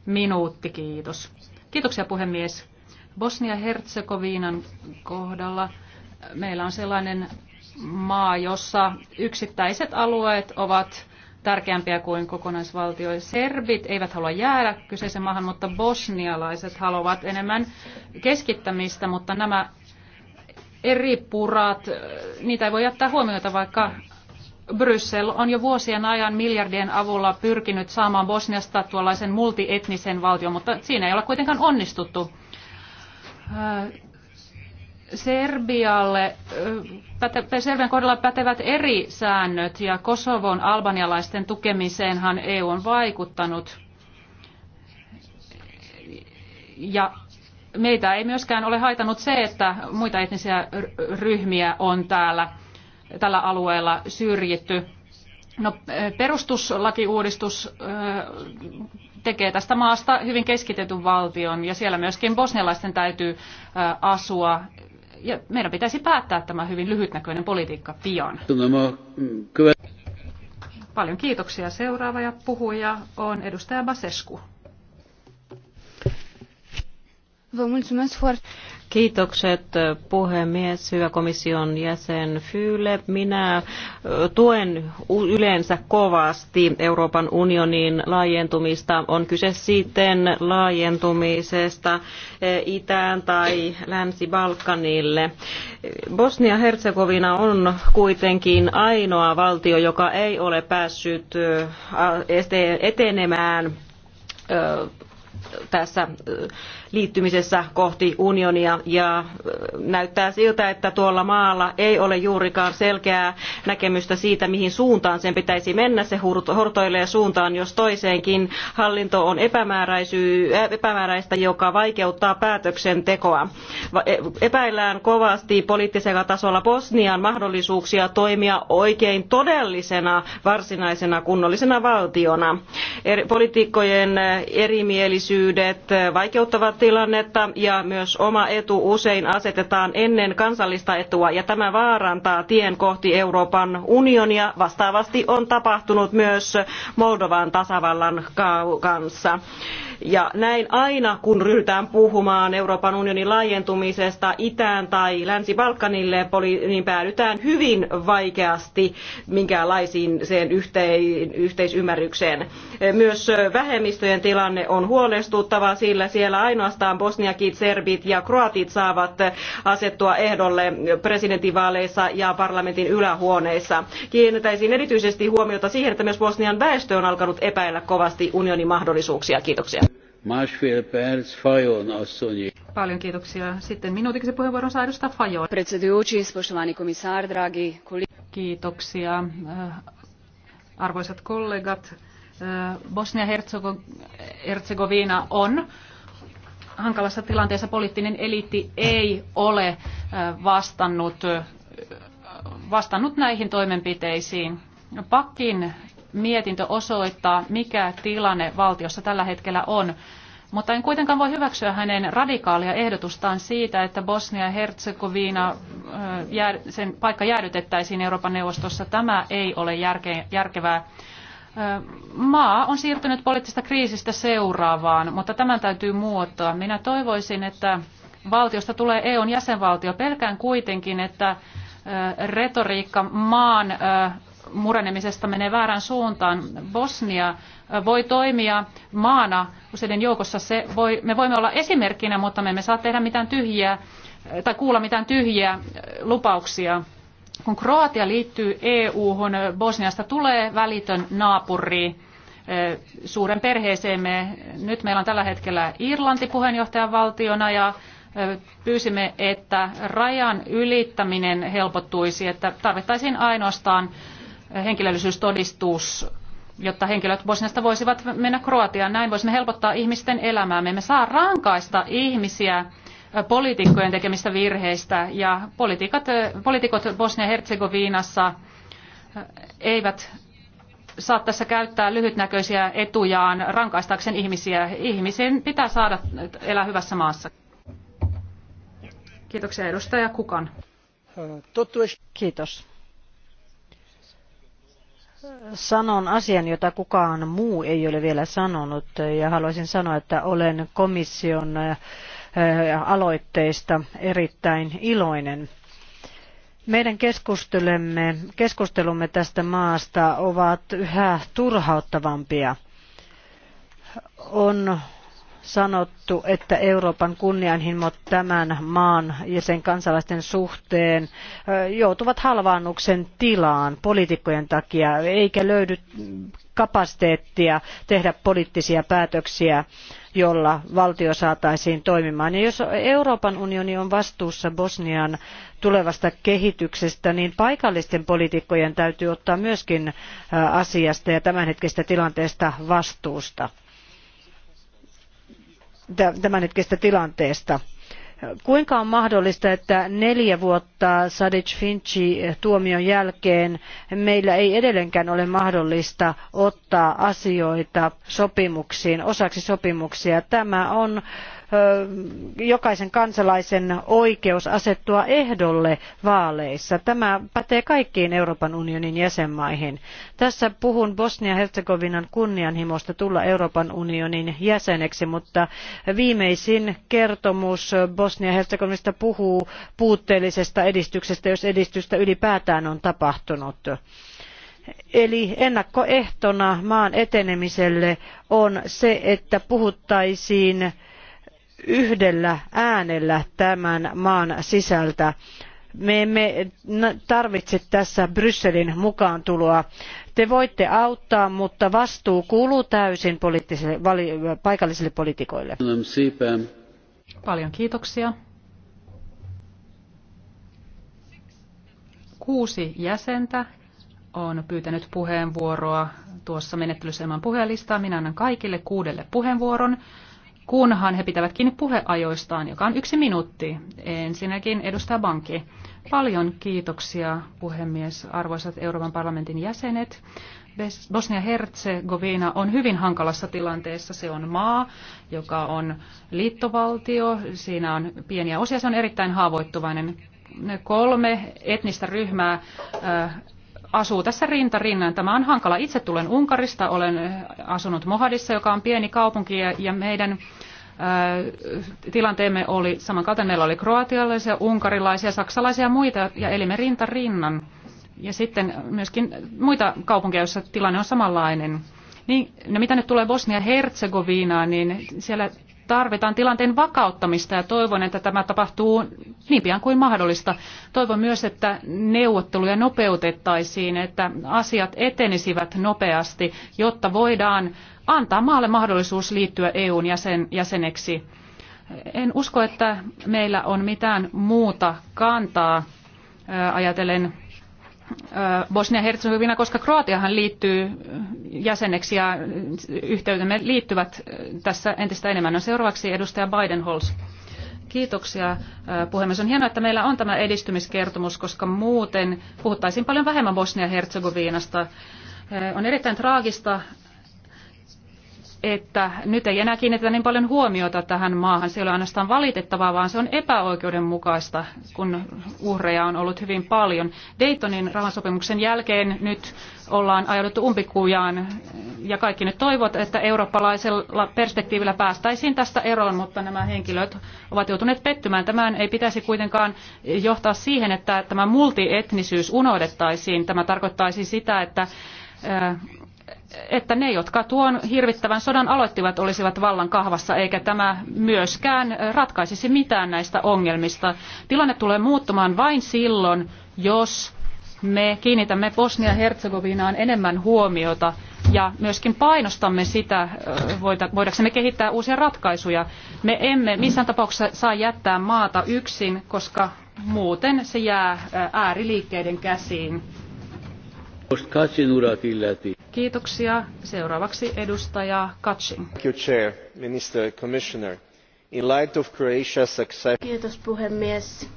Minuutti, kiitos. Kiitoksia puhemies. Bosnia-Herzegovinan kohdalla meillä on sellainen maa, jossa yksittäiset alueet ovat tärkeämpiä kuin kokonaisvaltio. Serbit eivät halua jäädä kyseisen maahan, mutta bosnialaiset haluavat enemmän keskittämistä, mutta nämä eri purat, äh, niitä ei voi jättää huomiota, vaikka Bryssel on jo vuosien ajan miljardien avulla pyrkinyt saamaan Bosniasta tuollaisen multietnisen valtion, mutta siinä ei ole kuitenkaan onnistuttu. Äh, Serbialle, päte, Serbian kohdalla pätevät eri säännöt ja Kosovon albanialaisten tukemiseenhan EU on vaikuttanut. Ja meitä ei myöskään ole haitanut se, että muita etnisiä ryhmiä on täällä tällä alueella syrjitty. No, perustuslakiuudistus tekee tästä maasta hyvin keskitetyn valtion ja siellä myöskin bosnialaisten täytyy asua ja meidän pitäisi päättää tämä hyvin lyhytnäköinen politiikka pian. Paljon kiitoksia. Seuraava ja puhuja on edustaja Basescu. Vă mulțumesc foarte Kiitokset puhemies, hyvä komission jäsen Fyle. Minä tuen yleensä kovasti Euroopan unionin laajentumista. On kyse sitten laajentumisesta e, itään tai länsi-Balkanille. Bosnia-Herzegovina on kuitenkin ainoa valtio, joka ei ole päässyt etenemään tässä liittymisessä kohti unionia ja äh, näyttää siltä, että tuolla maalla ei ole juurikaan selkeää näkemystä siitä, mihin suuntaan sen pitäisi mennä. Se hortoilee suuntaan jos toiseenkin. Hallinto on äh, epämääräistä, joka vaikeuttaa päätöksentekoa. E, epäillään kovasti poliittisella tasolla Bosnian mahdollisuuksia toimia oikein todellisena varsinaisena kunnollisena valtiona. Er-, poliitikkojen erimielisyydet vaikeuttavat perustilannetta ja myös oma etu usein asetetaan ennen kansallista etua ja tämä vaarantaa tien kohti Euroopan unionia. Vastaavasti on tapahtunut myös Moldovan tasavallan kanssa. Ja näin aina, kun ryhdytään puhumaan Euroopan unionin laajentumisesta itään tai Länsi-Balkanille, niin päädytään hyvin vaikeasti minkäänlaisiin sen yhteisymmärrykseen. Myös vähemmistöjen tilanne on huolestuttava, sillä siellä ainoastaan bosniakit, serbit ja kroatit saavat asettua ehdolle presidentinvaaleissa ja parlamentin ylähuoneissa. Kiinnitäisin erityisesti huomiota siihen, että myös Bosnian väestö on alkanut epäillä kovasti unionin mahdollisuuksia. Kiitoksia. Másfél perc Fajon asszonyi. Paljon kiitoksia. Sitten minuutiksi puheenvuoron saa edustaa Fajon. Predsedujući, spoštovani komisar, dragi Kiitoksia. Äh, arvoisat kollegat, äh, Bosnia-Herzegovina on hankalassa tilanteessa. Poliittinen eliitti ei ole äh, vastannut, vastannut näihin toimenpiteisiin. Pakin mietintö osoittaa, mikä tilanne valtiossa tällä hetkellä on. Mutta en kuitenkaan voi hyväksyä hänen radikaalia ehdotustaan siitä, että Bosnia ja Herzegovina sen paikka jäädytettäisiin Euroopan neuvostossa. Tämä ei ole järkevää. Maa on siirtynyt poliittisesta kriisistä seuraavaan, mutta tämän täytyy muuttaa. Minä toivoisin, että valtiosta tulee EUn jäsenvaltio. Pelkään kuitenkin, että retoriikka maan murenemisesta menee väärään suuntaan. Bosnia äh, voi toimia maana useiden joukossa. Se voi, me voimme olla esimerkkinä, mutta me emme saa tehdä mitään tyhjiä äh, tai kuulla mitään tyhjiä äh, lupauksia. Kun Kroatia liittyy EU-hun, Bosniasta tulee välitön naapuri suuren perheeseemme. Nyt meillä on tällä hetkellä Irlanti puheenjohtajavaltiona ja pyysimme, että rajan ylittäminen helpottuisi, että tarvittaisiin ainoastaan henkilöllisyystodistus, jotta henkilöt Bosniasta voisivat mennä Kroatiaan. Näin voisimme helpottaa ihmisten elämää. Me emme saa rankaista ihmisiä poliitikkojen tekemistä virheistä ja poliitikot Bosnia-Herzegovinassa eivät saa tässä käyttää lyhytnäköisiä etujaan rankaistakseen ihmisiä. Ihmisen pitää saada elää hyvässä maassa. Kiitoksia edustaja Kukan. Kiitos sanon asian, jota kukaan muu ei ole vielä sanonut. Ja haluaisin sanoa, että olen komission eh, aloitteista erittäin iloinen. Meidän keskustelumme, keskustelumme tästä maasta ovat yhä turhauttavampia. On sanottu, että Euroopan kunnianhimot tämän maan ja sen kansalaisten suhteen joutuvat halvaannuksen tilaan poliitikkojen takia, eikä löydy kapasiteettia tehdä poliittisia päätöksiä, jolla valtio saataisiin toimimaan. Ja jos Euroopan unioni on vastuussa Bosnian tulevasta kehityksestä, niin paikallisten poliitikkojen täytyy ottaa myöskin asiasta ja tämänhetkisestä tilanteesta vastuusta tämänhetkisestä tilanteesta. Kuinka on mahdollista, että neljä vuotta Sadic Finchi tuomion jälkeen meillä ei edelleenkään ole mahdollista ottaa asioita sopimuksiin, osaksi sopimuksia? Tämä on jokaisen kansalaisen oikeus asettua ehdolle vaaleissa. Tämä pätee kaikkiin Euroopan unionin jäsenmaihin. Tässä puhun Bosnia-Herzegovinan kunnianhimosta tulla Euroopan unionin jäseneksi, mutta viimeisin kertomus Bosnia-Herzegovinasta puhuu puutteellisesta edistyksestä, jos edistystä ylipäätään on tapahtunut. Eli ennakkoehtona maan etenemiselle on se, että puhuttaisiin yhdellä äänellä tämän maan sisältä. Me emme tarvitse tässä Brysselin mukaan tuloa. Te voitte auttaa, mutta vastuu kuuluu täysin poliittisille, vali, paikallisille poliitikoille. Paljon kiitoksia. Kuusi jäsentä on pyytänyt puheenvuoroa tuossa menettelyssä ilman Minä annan kaikille kuudelle puheenvuoron kunhan he pitävät kiinni puheajoistaan, joka on yksi minuutti. Ensinnäkin edustaa Banki. Paljon kiitoksia puhemies, arvoisat Euroopan parlamentin jäsenet. Bosnia-Herzegovina on hyvin hankalassa tilanteessa. Se on maa, joka on liittovaltio. Siinä on pieniä osia. Se on erittäin haavoittuvainen. Kolme etnistä ryhmää äh, asuu tässä rinta rinnan. Tämä on hankala. Itse tulen Unkarista, olen äh, asunut Mohadissa, joka on pieni kaupunki ja meidän äh, tilanteemme oli samankaltainen. Meillä oli kroatialaisia, unkarilaisia, saksalaisia ja muita ja elimme rinta rinnan. Ja sitten myöskin muita kaupunkeja, joissa tilanne on samanlainen. Niin, no mitä nyt tulee Bosnia-Herzegovinaan, niin siellä tarvitaan tilanteen vakauttamista ja toivon, että tämä tapahtuu niin pian kuin mahdollista. Toivon myös, että neuvotteluja nopeutettaisiin, että asiat etenisivät nopeasti, jotta voidaan antaa maalle mahdollisuus liittyä EUn jäsen, jäseneksi. En usko, että meillä on mitään muuta kantaa ajatellen Bosnia-Herzegovina, koska Kroatiahan liittyy jäseneksi ja yhteytemme liittyvät tässä entistä enemmän. No seuraavaksi edustaja Bidenholz. Kiitoksia puhemies. On hienoa, että meillä on tämä edistymiskertomus, koska muuten puhuttaisiin paljon vähemmän Bosnia-Herzegovinasta. On erittäin traagista, että nyt ei enää kiinnitetä niin paljon huomiota tähän maahan. Se ei ole ainoastaan valitettavaa, vaan se on epäoikeudenmukaista, kun uhreja on ollut hyvin paljon. Daytonin rahansopimuksen jälkeen nyt ollaan ajauduttu umpikujaan ja kaikki nyt toivot, että eurooppalaisella perspektiivillä päästäisiin tästä eroon, mutta nämä henkilöt ovat joutuneet pettymään. Tämän ei pitäisi kuitenkaan johtaa siihen, että tämä multietnisyys unohdettaisiin. Tämä tarkoittaisi sitä, että että ne, jotka tuon hirvittävän sodan aloittivat, olisivat vallan kahvassa, eikä tämä myöskään ratkaisisi mitään näistä ongelmista. Tilanne tulee muuttumaan vain silloin, jos me kiinnitämme Bosnia-Herzegovinaan enemmän huomiota ja myöskin painostamme sitä, voidaksemme kehittää uusia ratkaisuja. Me emme missään tapauksessa saa jättää maata yksin, koska muuten se jää ääriliikkeiden käsiin. Kiitoksia. Seuraavaksi edustaja Katsin. Kiitos puhemies.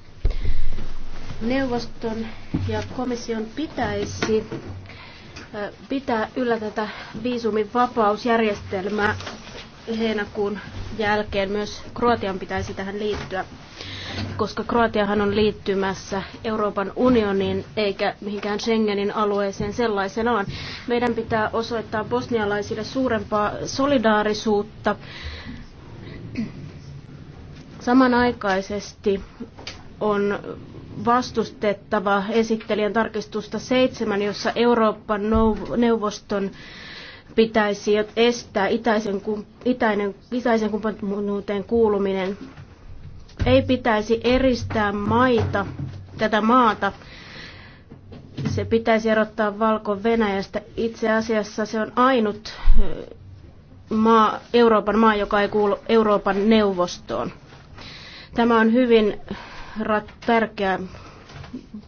Neuvoston ja komission pitäisi pitää yllä tätä viisumivapausjärjestelmää heinäkuun jälkeen. Myös Kroatian pitäisi tähän liittyä koska Kroatiahan on liittymässä Euroopan unioniin eikä mihinkään Schengenin alueeseen sellaisenaan. Meidän pitää osoittaa bosnialaisille suurempaa solidaarisuutta. Samanaikaisesti on vastustettava esittelijän tarkistusta seitsemän, jossa Euroopan neuvoston pitäisi estää itäisen, itäinen, itäisen kumppanuuteen kuuluminen. Ei pitäisi eristää maita, tätä maata. Se pitäisi erottaa Valko-Venäjästä. Itse asiassa se on ainut maa, Euroopan maa, joka ei kuulu Euroopan neuvostoon. Tämä on hyvin tärkeä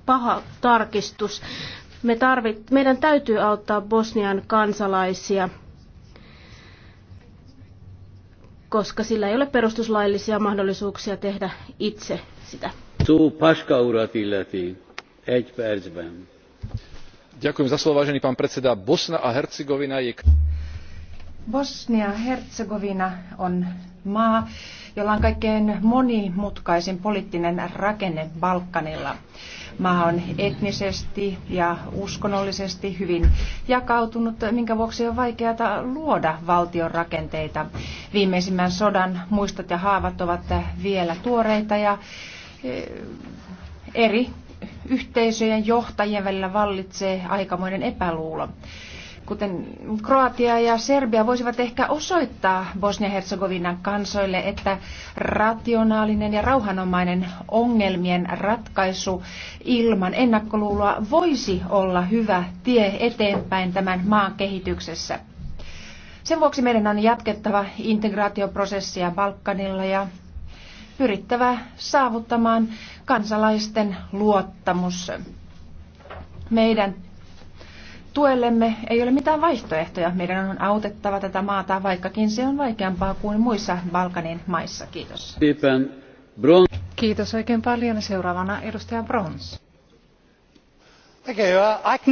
paha tarkistus. Me tarvit, meidän täytyy auttaa Bosnian kansalaisia koska sillä ei ole perustuslaillisia mahdollisuuksia tehdä itse sitä. Ďakujem za slovo, vážený pán predseda. Bosna a Hercegovina je... bosnia Hercegovina on maa, jolla on kaikkein monimutkaisin poliittinen rakenne Balkanilla. Maa on etnisesti ja uskonnollisesti hyvin jakautunut, minkä vuoksi on vaikeaa luoda valtion rakenteita. Viimeisimmän sodan muistot ja haavat ovat vielä tuoreita ja eh, eri yhteisöjen johtajien välillä vallitsee aikamoinen epäluulo kuten Kroatia ja Serbia, voisivat ehkä osoittaa Bosnia-Herzegovinan kansoille, että rationaalinen ja rauhanomainen ongelmien ratkaisu ilman ennakkoluuloa voisi olla hyvä tie eteenpäin tämän maan kehityksessä. Sen vuoksi meidän on jatkettava integraatioprosessia Balkanilla ja pyrittävä saavuttamaan kansalaisten luottamus. Meidän tuellemme ei ole mitään vaihtoehtoja. Meidän on autettava tätä maata, vaikkakin se on vaikeampaa kuin muissa Balkanin maissa. Kiitos. Kiitos oikein paljon. Seuraavana edustaja Brons. Uh,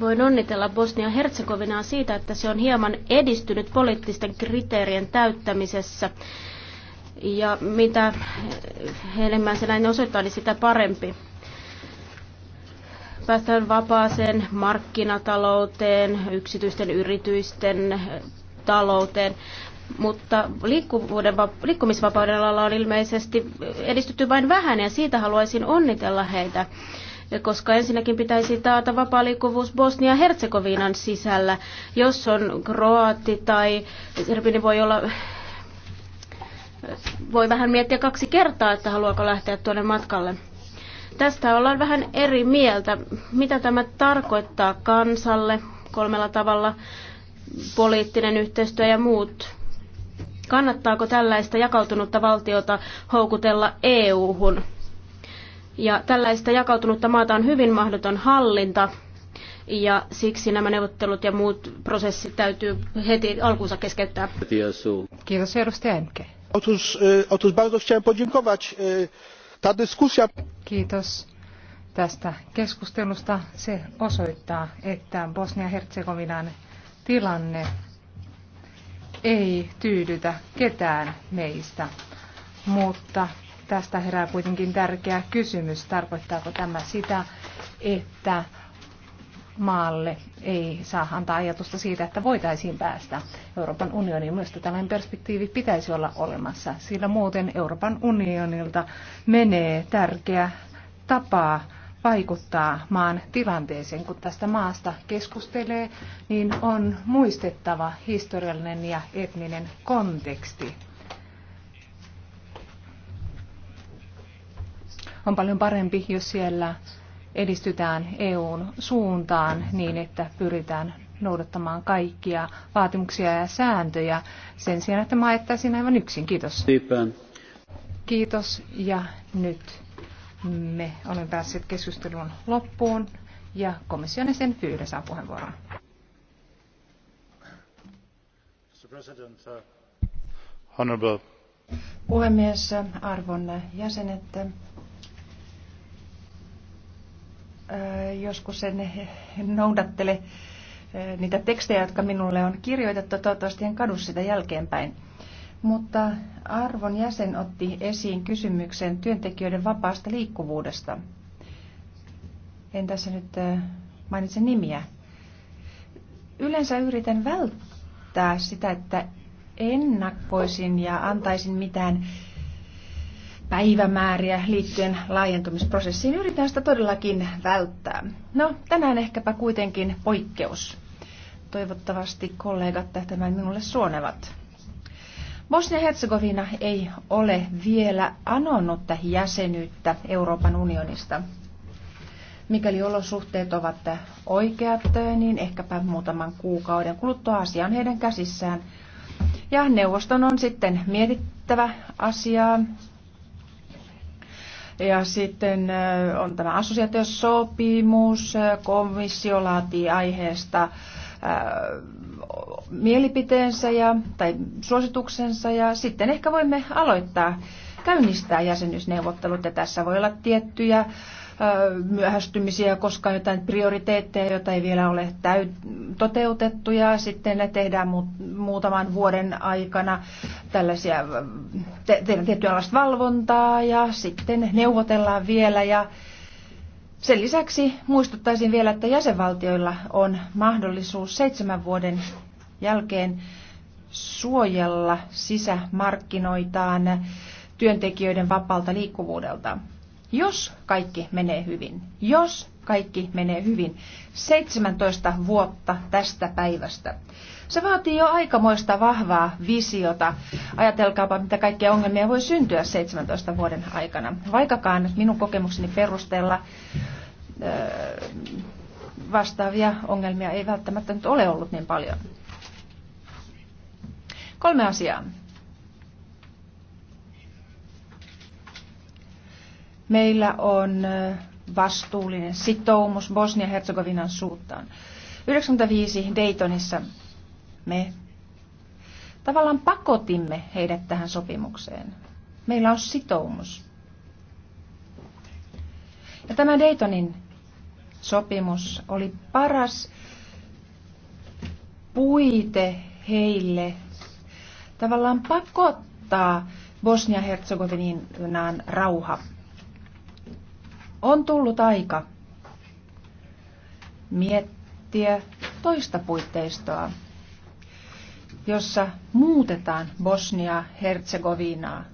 Voin onnitella Bosnia-Herzegovinaa siitä, että se on hieman edistynyt poliittisten kriteerien täyttämisessä. Ja mitä enemmän se näin osoittaa, niin sitä parempi päästään vapaaseen markkinatalouteen, yksityisten yritysten talouteen, mutta liikkuvuuden, liikkumisvapauden alalla on ilmeisesti edistytty vain vähän ja siitä haluaisin onnitella heitä koska ensinnäkin pitäisi taata vapaa liikkuvuus Bosnia-Herzegovinan sisällä. Jos on kroaatti tai Serbini niin voi olla voi vähän miettiä kaksi kertaa, että haluaako lähteä tuonne matkalle. Tästä ollaan vähän eri mieltä. Mitä tämä tarkoittaa kansalle kolmella tavalla, poliittinen yhteistyö ja muut? Kannattaako tällaista jakautunutta valtiota houkutella EU-hun? Ja tällaista jakautunutta maata on hyvin mahdoton hallinta, ja siksi nämä neuvottelut ja muut prosessit täytyy heti alkuunsa keskeyttää. Kiitos edustaja Enke. Otus, e, otus, bardzo chciałem podziękować e, Ta Kiitos tästä keskustelusta. Se osoittaa, että Bosnia-Herzegovinan tilanne ei tyydytä ketään meistä, mutta tästä herää kuitenkin tärkeä kysymys. Tarkoittaako tämä sitä, että maalle ei saa antaa ajatusta siitä, että voitaisiin päästä Euroopan unioniin. Minusta tällainen perspektiivi pitäisi olla olemassa, sillä muuten Euroopan unionilta menee tärkeä tapa vaikuttaa maan tilanteeseen. Kun tästä maasta keskustelee, niin on muistettava historiallinen ja etninen konteksti. On paljon parempi, jos siellä edistytään EUn suuntaan niin, että pyritään noudattamaan kaikkia vaatimuksia ja sääntöjä sen sijaan, että maettaisiin aivan yksin. Kiitos. Kiitos ja nyt me olemme päässeet keskustelun loppuun ja komission sen Fyyle saa puheenvuoron. Uh, Puhemies, arvon jäsenet, joskus sen noudattele niitä tekstejä, jotka minulle on kirjoitettu. Toivottavasti en kadu sitä jälkeenpäin. Mutta arvon jäsen otti esiin kysymyksen työntekijöiden vapaasta liikkuvuudesta. En tässä nyt mainitse nimiä. Yleensä yritän välttää sitä, että ennakkoisin ja antaisin mitään päivämääriä liittyen laajentumisprosessiin. Yritän sitä todellakin välttää. No, tänään ehkäpä kuitenkin poikkeus. Toivottavasti kollegat tämän minulle suonevat. Bosnia-Herzegovina ei ole vielä anonnut jäsenyyttä Euroopan unionista. Mikäli olosuhteet ovat oikeat, niin ehkäpä muutaman kuukauden kuluttua asia on heidän käsissään. Ja neuvoston on sitten mietittävä asiaa ja sitten on tämä assosiaatiosopimus, komissio laatii aiheesta mielipiteensä ja, tai suosituksensa ja sitten ehkä voimme aloittaa käynnistää jäsenyysneuvottelut ja tässä voi olla tiettyjä myöhästymisiä, koska jotain prioriteetteja, joita ei vielä ole täyt- toteutettu ja sitten ne tehdään mu- muutaman vuoden aikana tällaisia te- te- tietynlaista valvontaa ja sitten neuvotellaan vielä ja sen lisäksi muistuttaisin vielä, että jäsenvaltioilla on mahdollisuus seitsemän vuoden jälkeen suojella sisämarkkinoitaan työntekijöiden vapaalta liikkuvuudelta. Jos kaikki menee hyvin, jos kaikki menee hyvin, 17 vuotta tästä päivästä. Se vaatii jo aikamoista vahvaa visiota. Ajatelkaapa, mitä kaikkia ongelmia voi syntyä 17 vuoden aikana. Vaikkakaan minun kokemukseni perusteella vastaavia ongelmia ei välttämättä nyt ole ollut niin paljon. Kolme asiaa. Meillä on vastuullinen sitoumus Bosnia-Herzegovinan suuntaan. 95 Daytonissa me tavallaan pakotimme heidät tähän sopimukseen. Meillä on sitoumus. Ja tämä Daytonin sopimus oli paras puite heille tavallaan pakottaa bosnia herzegovinan rauha. On tullut aika miettiä toista puitteistoa, jossa muutetaan Bosnia-Herzegovinaa.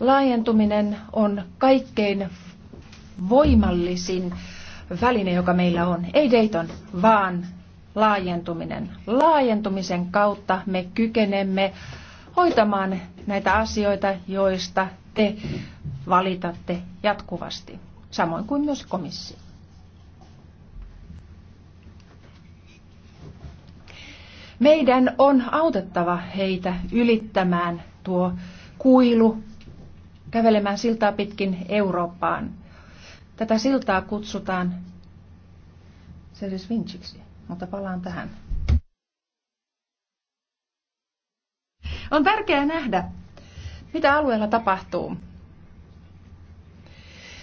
Laajentuminen on kaikkein voimallisin väline, joka meillä on. Ei Dayton, vaan laajentuminen. Laajentumisen kautta me kykenemme hoitamaan näitä asioita, joista te valitatte jatkuvasti, samoin kuin myös komissio. Meidän on autettava heitä ylittämään tuo kuilu, kävelemään siltaa pitkin Eurooppaan. Tätä siltaa kutsutaan Seres Vinciksi, mutta palaan tähän On tärkeää nähdä, mitä alueella tapahtuu.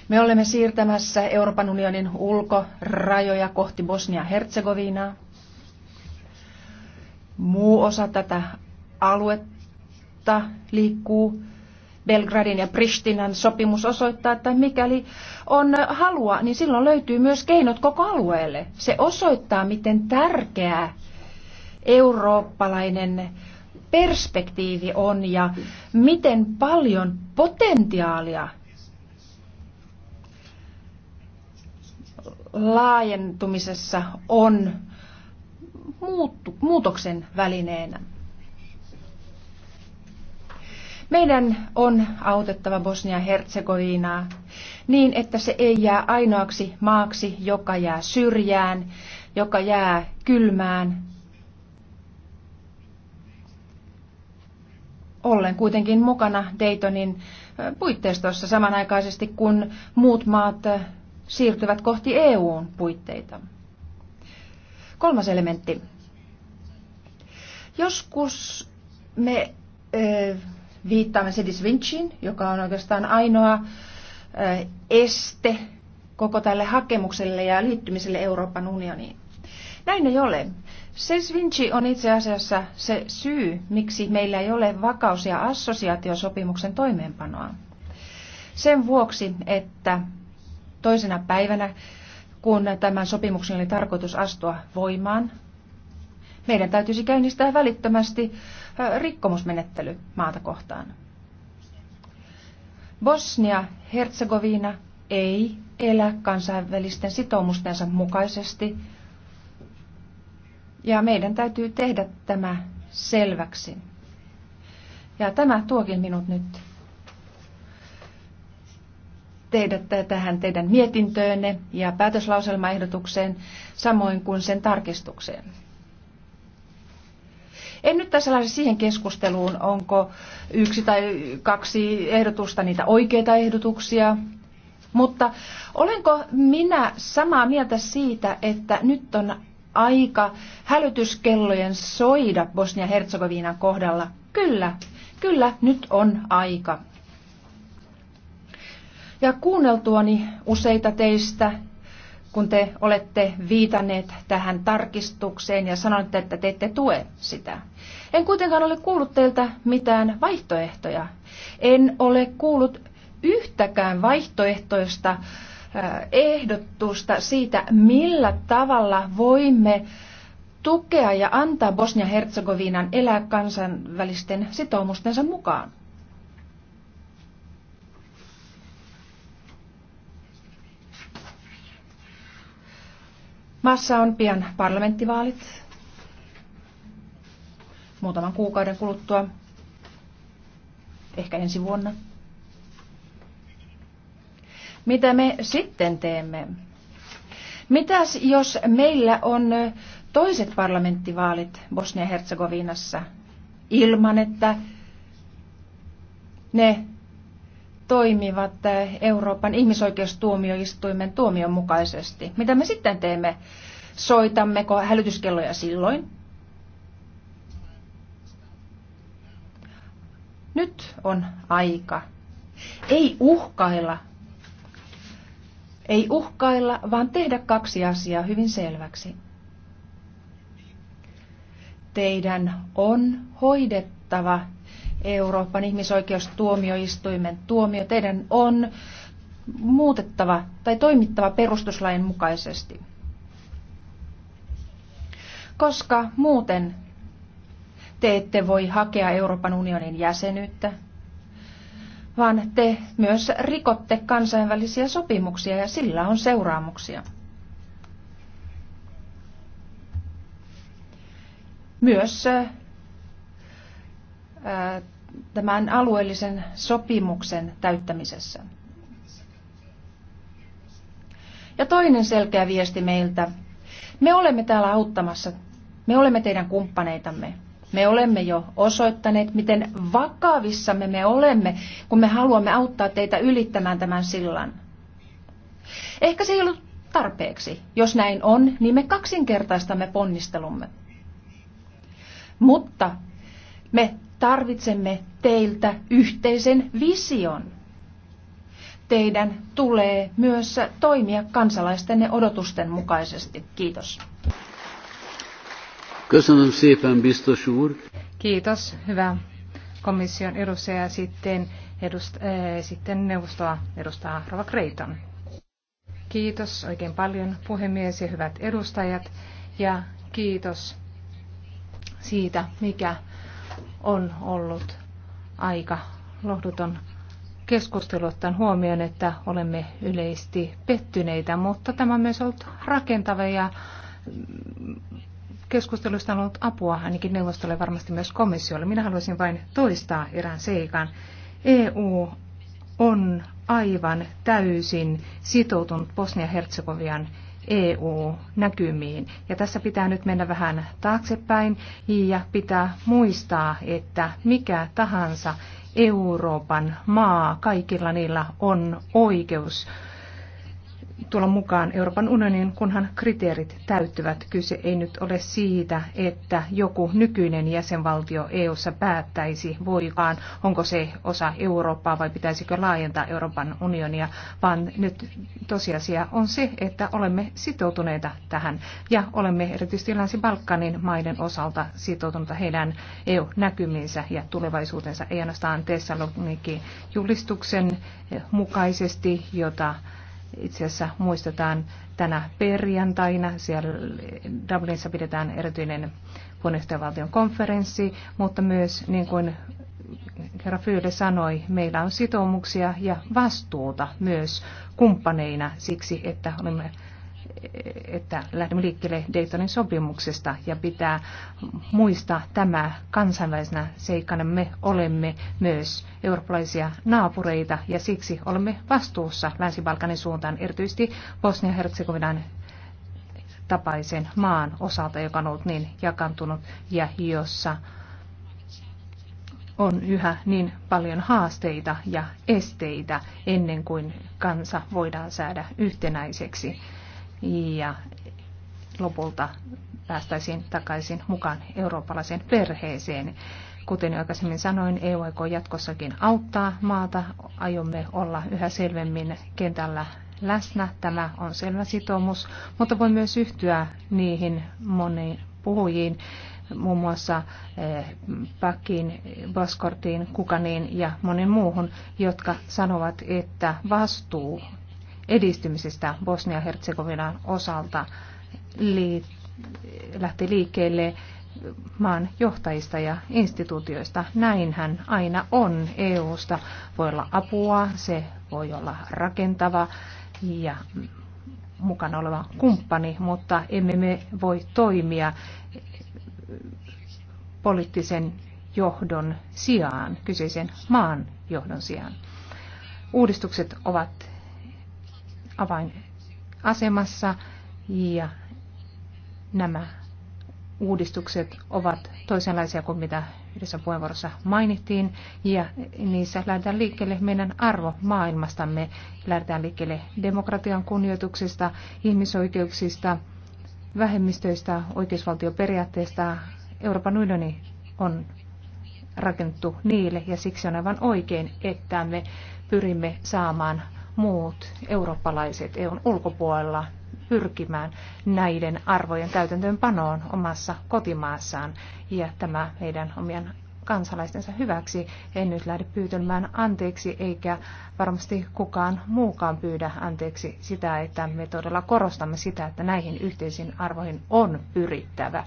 Me olemme siirtämässä Euroopan unionin ulkorajoja kohti Bosnia-Herzegovinaa. Muu osa tätä aluetta liikkuu Belgradin ja Pristinan sopimus osoittaa, että mikäli on halua, niin silloin löytyy myös keinot koko alueelle. Se osoittaa, miten tärkeää eurooppalainen perspektiivi on ja miten paljon potentiaalia laajentumisessa on muuttu, muutoksen välineenä. Meidän on autettava Bosnia-Herzegovinaa niin, että se ei jää ainoaksi maaksi, joka jää syrjään, joka jää kylmään ollen kuitenkin mukana Daytonin puitteistossa samanaikaisesti, kun muut maat siirtyvät kohti EUn puitteita. Kolmas elementti. Joskus me äh, viittaamme Sedis Vinciin, joka on oikeastaan ainoa äh, este koko tälle hakemukselle ja liittymiselle Euroopan unioniin. Näin ei ole. Ses Vinci on itse asiassa se syy, miksi meillä ei ole vakaus- ja assosiaatiosopimuksen toimeenpanoa. Sen vuoksi, että toisena päivänä, kun tämän sopimuksen oli tarkoitus astua voimaan, meidän täytyisi käynnistää välittömästi rikkomusmenettely maata kohtaan. Bosnia-Herzegovina ei elä kansainvälisten sitoumustensa mukaisesti – ja meidän täytyy tehdä tämä selväksi. Ja tämä tuokin minut nyt teidät tähän teidän mietintöönne ja päätöslauselmaehdotukseen, samoin kuin sen tarkistukseen. En nyt tässä lähde siihen keskusteluun, onko yksi tai kaksi ehdotusta niitä oikeita ehdotuksia, mutta olenko minä samaa mieltä siitä, että nyt on aika hälytyskellojen soida bosnia herzegovinan kohdalla. Kyllä, kyllä, nyt on aika. Ja kuunneltuani useita teistä, kun te olette viitanneet tähän tarkistukseen ja sanoitte, että te ette tue sitä. En kuitenkaan ole kuullut teiltä mitään vaihtoehtoja. En ole kuullut yhtäkään vaihtoehtoista ehdotusta siitä, millä tavalla voimme tukea ja antaa Bosnia-Herzegovinan elää kansainvälisten sitoumustensa mukaan? Maassa on pian parlamenttivaalit muutaman kuukauden kuluttua, ehkä ensi vuonna. Mitä me sitten teemme? Mitäs jos meillä on toiset parlamenttivaalit Bosnia-Herzegovinassa ilman, että ne toimivat Euroopan ihmisoikeustuomioistuimen tuomion mukaisesti. Mitä me sitten teemme? Soitammeko hälytyskelloja silloin? Nyt on aika. Ei uhkailla, ei uhkailla, vaan tehdä kaksi asiaa hyvin selväksi. Teidän on hoidettava Euroopan ihmisoikeustuomioistuimen tuomio. Teidän on muutettava tai toimittava perustuslain mukaisesti. Koska muuten te ette voi hakea Euroopan unionin jäsenyyttä, vaan te myös rikotte kansainvälisiä sopimuksia ja sillä on seuraamuksia. Myös tämän alueellisen sopimuksen täyttämisessä. Ja toinen selkeä viesti meiltä. Me olemme täällä auttamassa. Me olemme teidän kumppaneitamme. Me olemme jo osoittaneet, miten vakavissamme me olemme, kun me haluamme auttaa teitä ylittämään tämän sillan. Ehkä se ei ollut tarpeeksi. Jos näin on, niin me kaksinkertaistamme ponnistelumme. Mutta me tarvitsemme teiltä yhteisen vision. Teidän tulee myös toimia kansalaistenne odotusten mukaisesti. Kiitos. Köszönöm szépen, biztos úr. Kiitos, hyvä komission edustaja ja sitten, edust, äh, sitten neuvostoa edustaa Rova Kreiton. Kiitos oikein paljon puhemies ja hyvät edustajat ja kiitos siitä, mikä on ollut aika lohduton keskustelu ottaen huomioon, että olemme yleisesti pettyneitä, mutta tämä on myös ollut rakentava ja keskustelusta on ollut apua ainakin neuvostolle varmasti myös komissiolle. Minä haluaisin vain toistaa erään seikan. EU on aivan täysin sitoutunut Bosnia-Herzegovian EU-näkymiin. Ja tässä pitää nyt mennä vähän taaksepäin ja pitää muistaa, että mikä tahansa Euroopan maa, kaikilla niillä on oikeus tulla mukaan Euroopan unionin kunhan kriteerit täyttyvät. Kyse ei nyt ole siitä, että joku nykyinen jäsenvaltio EU-ssa päättäisi voikaan, onko se osa Eurooppaa vai pitäisikö laajentaa Euroopan unionia, vaan nyt tosiasia on se, että olemme sitoutuneita tähän ja olemme erityisesti Länsi-Balkanin maiden osalta sitoutuneita heidän EU-näkymiinsä ja tulevaisuutensa, ei ainoastaan Thessaloniki-julistuksen mukaisesti, jota itse asiassa muistetaan tänä perjantaina. Siellä Dublinissa pidetään erityinen puheenjohtajavaltion konferenssi, mutta myös niin kuin herra Fyyde sanoi, meillä on sitoumuksia ja vastuuta myös kumppaneina siksi, että olemme että lähdemme liikkeelle Daytonin sopimuksesta ja pitää muistaa tämä kansainvälisenä seikkana. Me olemme myös eurooppalaisia naapureita ja siksi olemme vastuussa Länsi-Balkanin suuntaan, erityisesti Bosnia-Herzegovinan tapaisen maan osalta, joka on ollut niin jakantunut ja jossa on yhä niin paljon haasteita ja esteitä ennen kuin kansa voidaan saada yhtenäiseksi ja lopulta päästäisiin takaisin mukaan eurooppalaiseen perheeseen. Kuten jo aikaisemmin sanoin, EU aikoo jatkossakin auttaa maata. Aiomme olla yhä selvemmin kentällä läsnä. Tämä on selvä sitoumus, mutta voi myös yhtyä niihin moniin puhujiin, muun muassa eh, Pakin, Boskortiin, Kukaniin ja monen muuhun, jotka sanovat, että vastuu edistymisestä Bosnia-Herzegovinan osalta lähti liikkeelle maan johtajista ja instituutioista. Näinhän aina on EUsta. Voi olla apua, se voi olla rakentava ja mukana oleva kumppani, mutta emme me voi toimia poliittisen johdon sijaan, kyseisen maan johdon sijaan. Uudistukset ovat avainasemassa ja nämä uudistukset ovat toisenlaisia kuin mitä yhdessä puheenvuorossa mainittiin, ja niissä lähdetään liikkeelle meidän maailmastamme, Lähdetään liikkeelle demokratian kunnioituksesta, ihmisoikeuksista, vähemmistöistä, oikeusvaltioperiaatteesta. Euroopan unioni on rakennettu niille, ja siksi on aivan oikein, että me pyrimme saamaan muut eurooppalaiset EUn ulkopuolella pyrkimään näiden arvojen täytäntöönpanoon omassa kotimaassaan ja tämä heidän omien kansalaistensa hyväksi. En nyt lähde pyytämään anteeksi, eikä varmasti kukaan muukaan pyydä anteeksi sitä, että me todella korostamme sitä, että näihin yhteisiin arvoihin on pyrittävä.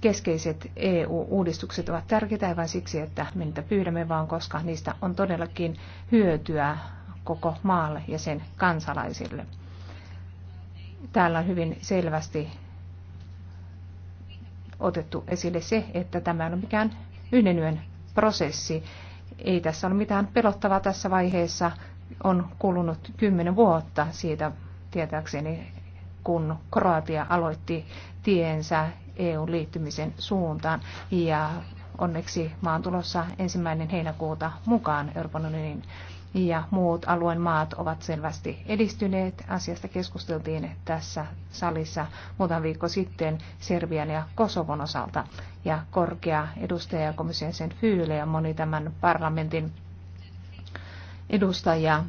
Keskeiset EU-uudistukset ovat tärkeitä vain siksi, että me niitä pyydämme, vaan koska niistä on todellakin hyötyä koko maalle ja sen kansalaisille. Täällä on hyvin selvästi otettu esille se, että tämä ei ole mikään yhden yön prosessi. Ei tässä ole mitään pelottavaa tässä vaiheessa. On kulunut kymmenen vuotta siitä tietääkseni, kun Kroatia aloitti tiensä EU-liittymisen suuntaan. Ja onneksi maan tulossa ensimmäinen heinäkuuta mukaan Euroopan unionin ja muut alueen maat ovat selvästi edistyneet. Asiasta keskusteltiin tässä salissa muutama viikko sitten Serbian ja Kosovon osalta. Ja korkea edustaja komission sen Fyyle ja moni tämän parlamentin edustaja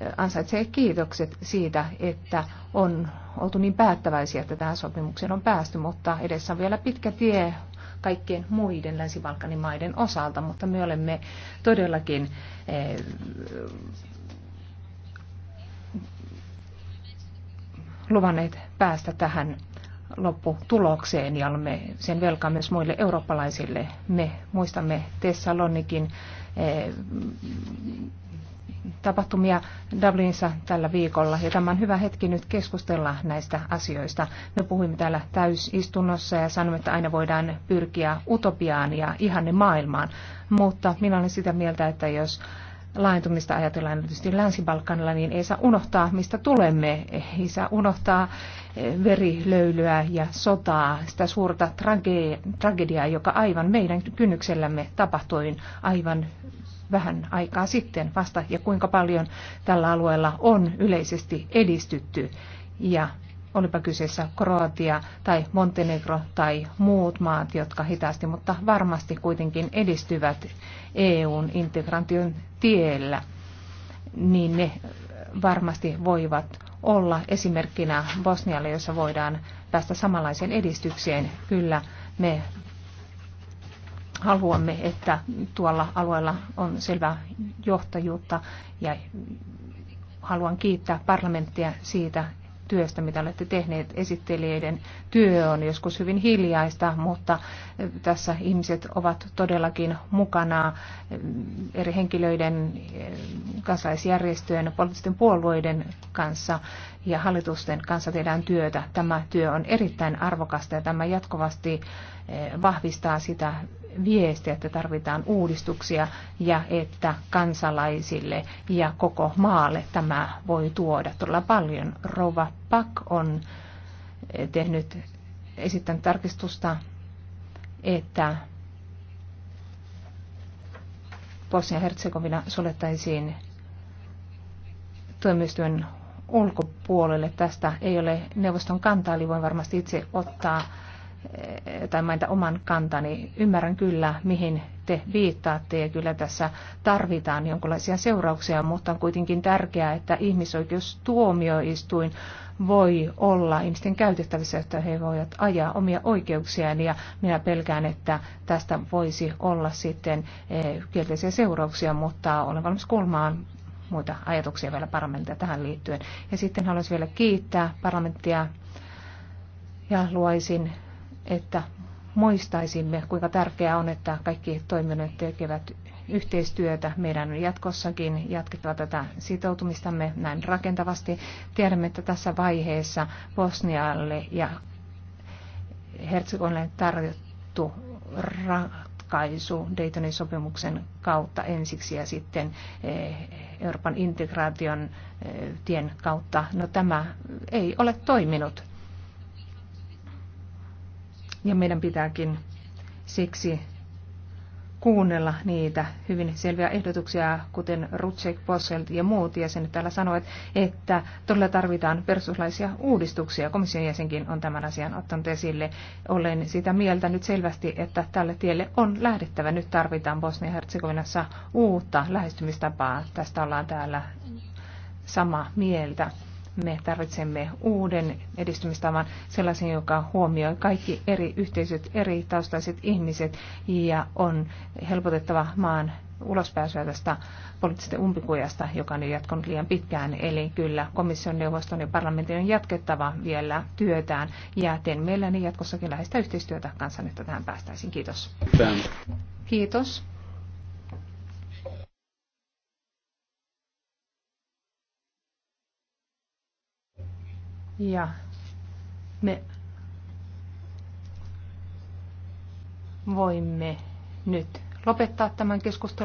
eh, ansaitsee kiitokset siitä, että on oltu niin päättäväisiä, että tähän sopimukseen on päästy, mutta edessä on vielä pitkä tie kaikkien muiden länsi maiden osalta, mutta me olemme todellakin eh, luvanneet päästä tähän lopputulokseen ja olemme sen velkaa myös muille eurooppalaisille. Me muistamme eh, tapahtumia Dublinissa tällä viikolla. Ja tämä on hyvä hetki nyt keskustella näistä asioista. Me puhuimme täällä täysistunnossa ja sanoimme, että aina voidaan pyrkiä utopiaan ja ihanne maailmaan. Mutta minä olen sitä mieltä, että jos laajentumista ajatellaan tietysti Länsi-Balkanilla, niin ei saa unohtaa, mistä tulemme. Ei saa unohtaa eh, verilöylyä ja sotaa, sitä suurta tragediaa, joka aivan meidän kynnyksellämme tapahtui aivan vähän aikaa sitten vasta ja kuinka paljon tällä alueella on yleisesti edistytty. Ja olipa kyseessä Kroatia tai Montenegro tai muut maat, jotka hitaasti, mutta varmasti kuitenkin edistyvät EUn integraation tiellä, niin ne varmasti voivat olla esimerkkinä Bosnialle, jossa voidaan päästä samanlaiseen edistykseen. Kyllä me haluamme, että tuolla alueella on selvää johtajuutta ja haluan kiittää parlamenttia siitä työstä, mitä olette tehneet. Esittelijöiden työ on joskus hyvin hiljaista, mutta tässä ihmiset ovat todellakin mukana eri henkilöiden, kansalaisjärjestöjen, poliittisten puolueiden kanssa ja hallitusten kanssa tehdään työtä. Tämä työ on erittäin arvokasta ja tämä jatkuvasti vahvistaa sitä viesti, että tarvitaan uudistuksia ja että kansalaisille ja koko maalle tämä voi tuoda todella paljon. Rova Pak on eh, tehnyt, esittän tarkistusta, että Bosnia-Herzegovina suljettaisiin toimistyön ulkopuolelle. Tästä ei ole neuvoston kantaa, eli voin varmasti itse ottaa Eh, tai mainita oman kantani. Ymmärrän kyllä, mihin te viittaatte ja kyllä tässä tarvitaan jonkinlaisia seurauksia, mutta on kuitenkin tärkeää, että ihmisoikeustuomioistuin voi olla ihmisten käytettävissä, että he voivat ajaa omia oikeuksiaan ja minä pelkään, että tästä voisi olla sitten eh, kielteisiä seurauksia, mutta olen valmis kuulemaan muita ajatuksia vielä parlamenttia tähän liittyen. Ja sitten haluaisin vielä kiittää parlamenttia ja luoisin että muistaisimme, kuinka tärkeää on, että kaikki toiminnot tekevät yhteistyötä. Meidän on jatkossakin jatkettava tätä sitoutumistamme näin rakentavasti. Tiedämme, että tässä vaiheessa Bosnialle ja Herzegovinalle tarjottu ratkaisu Daytonin sopimuksen kautta ensiksi ja sitten eh, Euroopan integraation eh, tien kautta. No tämä ei ole toiminut ja meidän pitääkin siksi kuunnella niitä hyvin selviä ehdotuksia, kuten Rutsek, Posselt ja muut jäsenet täällä sanoivat, että todella tarvitaan perustuslaisia uudistuksia. Komission jäsenkin on tämän asian ottanut esille. Olen sitä mieltä nyt selvästi, että tälle tielle on lähdettävä. Nyt tarvitaan Bosnia-Herzegovinassa uutta lähestymistapaa. Tästä ollaan täällä samaa mieltä me tarvitsemme uuden edistymistavan, sellaisen, joka huomioi kaikki eri yhteisöt, eri taustaiset ihmiset ja on helpotettava maan ulospääsyä tästä poliittisesta umpikujasta, joka on jatkunut liian pitkään. Eli kyllä komission neuvoston ja parlamentin on jatkettava vielä työtään ja teen mielelläni jatkossakin läheistä yhteistyötä kanssa, että tähän päästäisiin. Kiitos. Kiitos. Ja me voimme nyt lopettaa tämän keskustelun.